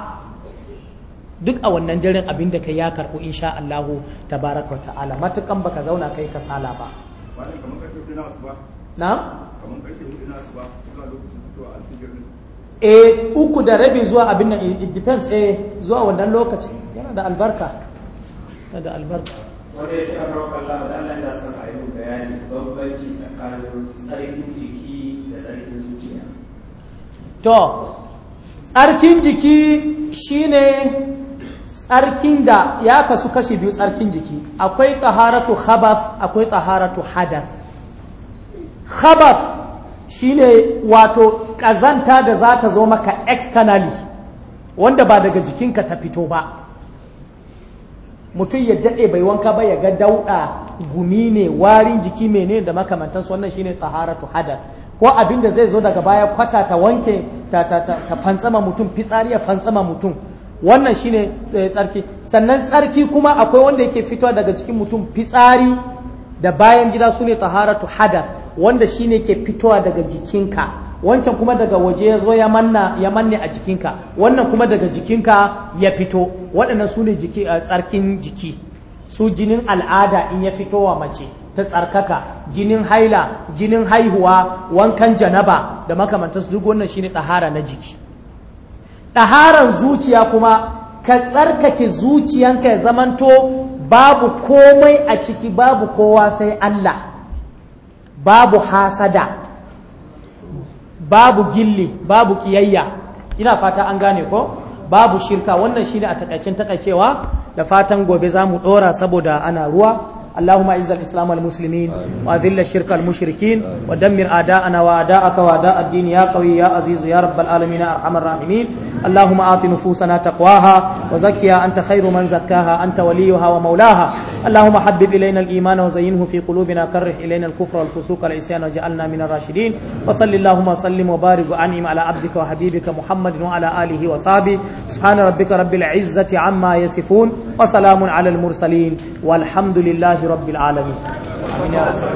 Speaker 1: duk a wannan daren abin da kai ya karɓu insha Allahu tabaraka ta'ala matukan baka zauna kai ka sala ba na eh uku da rabi zuwa abin nan it depends e zuwa wannan lokaci yana da albarka yana da albarka wanda ya ce a kawo kalla da Allah yana son a yi bayani bambanci tsakanin tsarkin jiki da tsarkin zuciya to tsarkin jiki shine tsarkin da ya kasu kashi biyu tsarkin jiki akwai taharatu habas akwai taharatu hadas khabas shine wato kazanta da za ta zo maka externally wanda ba daga jikinka ta fito ba mutum ya daɗe bai wanka ba ya ga dauɗa gumi ne warin jiki menene da makamantansu wannan shine taharatu hadas ko abin da zai zo daga baya kwata ta wanke ta ta ta, fantsama mutum fitsari ya fantsama mutum wannan shine eh, tsarki sannan tsarki kuma akwai wanda yake fitowa daga cikin mutum fitsari da bayan gida su ne taharatu hadas wanda shine ke fitowa daga jikinka wancan kuma daga waje ya zo ya manne a jikinka wannan kuma daga jikinka ya fito waɗannan su ne tsarkin jiki su jinin al'ada in ya fito wa mace ta tsarkaka jinin haila jinin haihuwa wankan janaba da makamantansu duk wannan shine ɗahara na jiki ɗaharan zuciya kuma ka tsarkake zuciyanka ya zamanto babu komai a ciki babu kowa sai Allah babu hasada babu gilli babu kiyayya ina fata an gane ko babu shirka wannan shine a takaicin takaicewa da fatan gobe za mu ɗora saboda ana ruwa اللهم اعز الاسلام والمسلمين واذل الشرك المشركين ودمر اعداءنا واعداءك واعداء الدين يا قوي يا عزيز يا رب العالمين ارحم الراحمين اللهم اعط نفوسنا تقواها وزكها انت خير من زكاها انت وليها ومولاها اللهم حبب الينا الايمان وزينه في قلوبنا كره الينا الكفر والفسوق والعصيان واجعلنا من الراشدين وصل اللهم وسلم وبارك وانعم على عبدك وحبيبك محمد وعلى اله وصحبه سبحان ربك رب العزه عما يصفون وسلام على المرسلين والحمد لله رب العالمين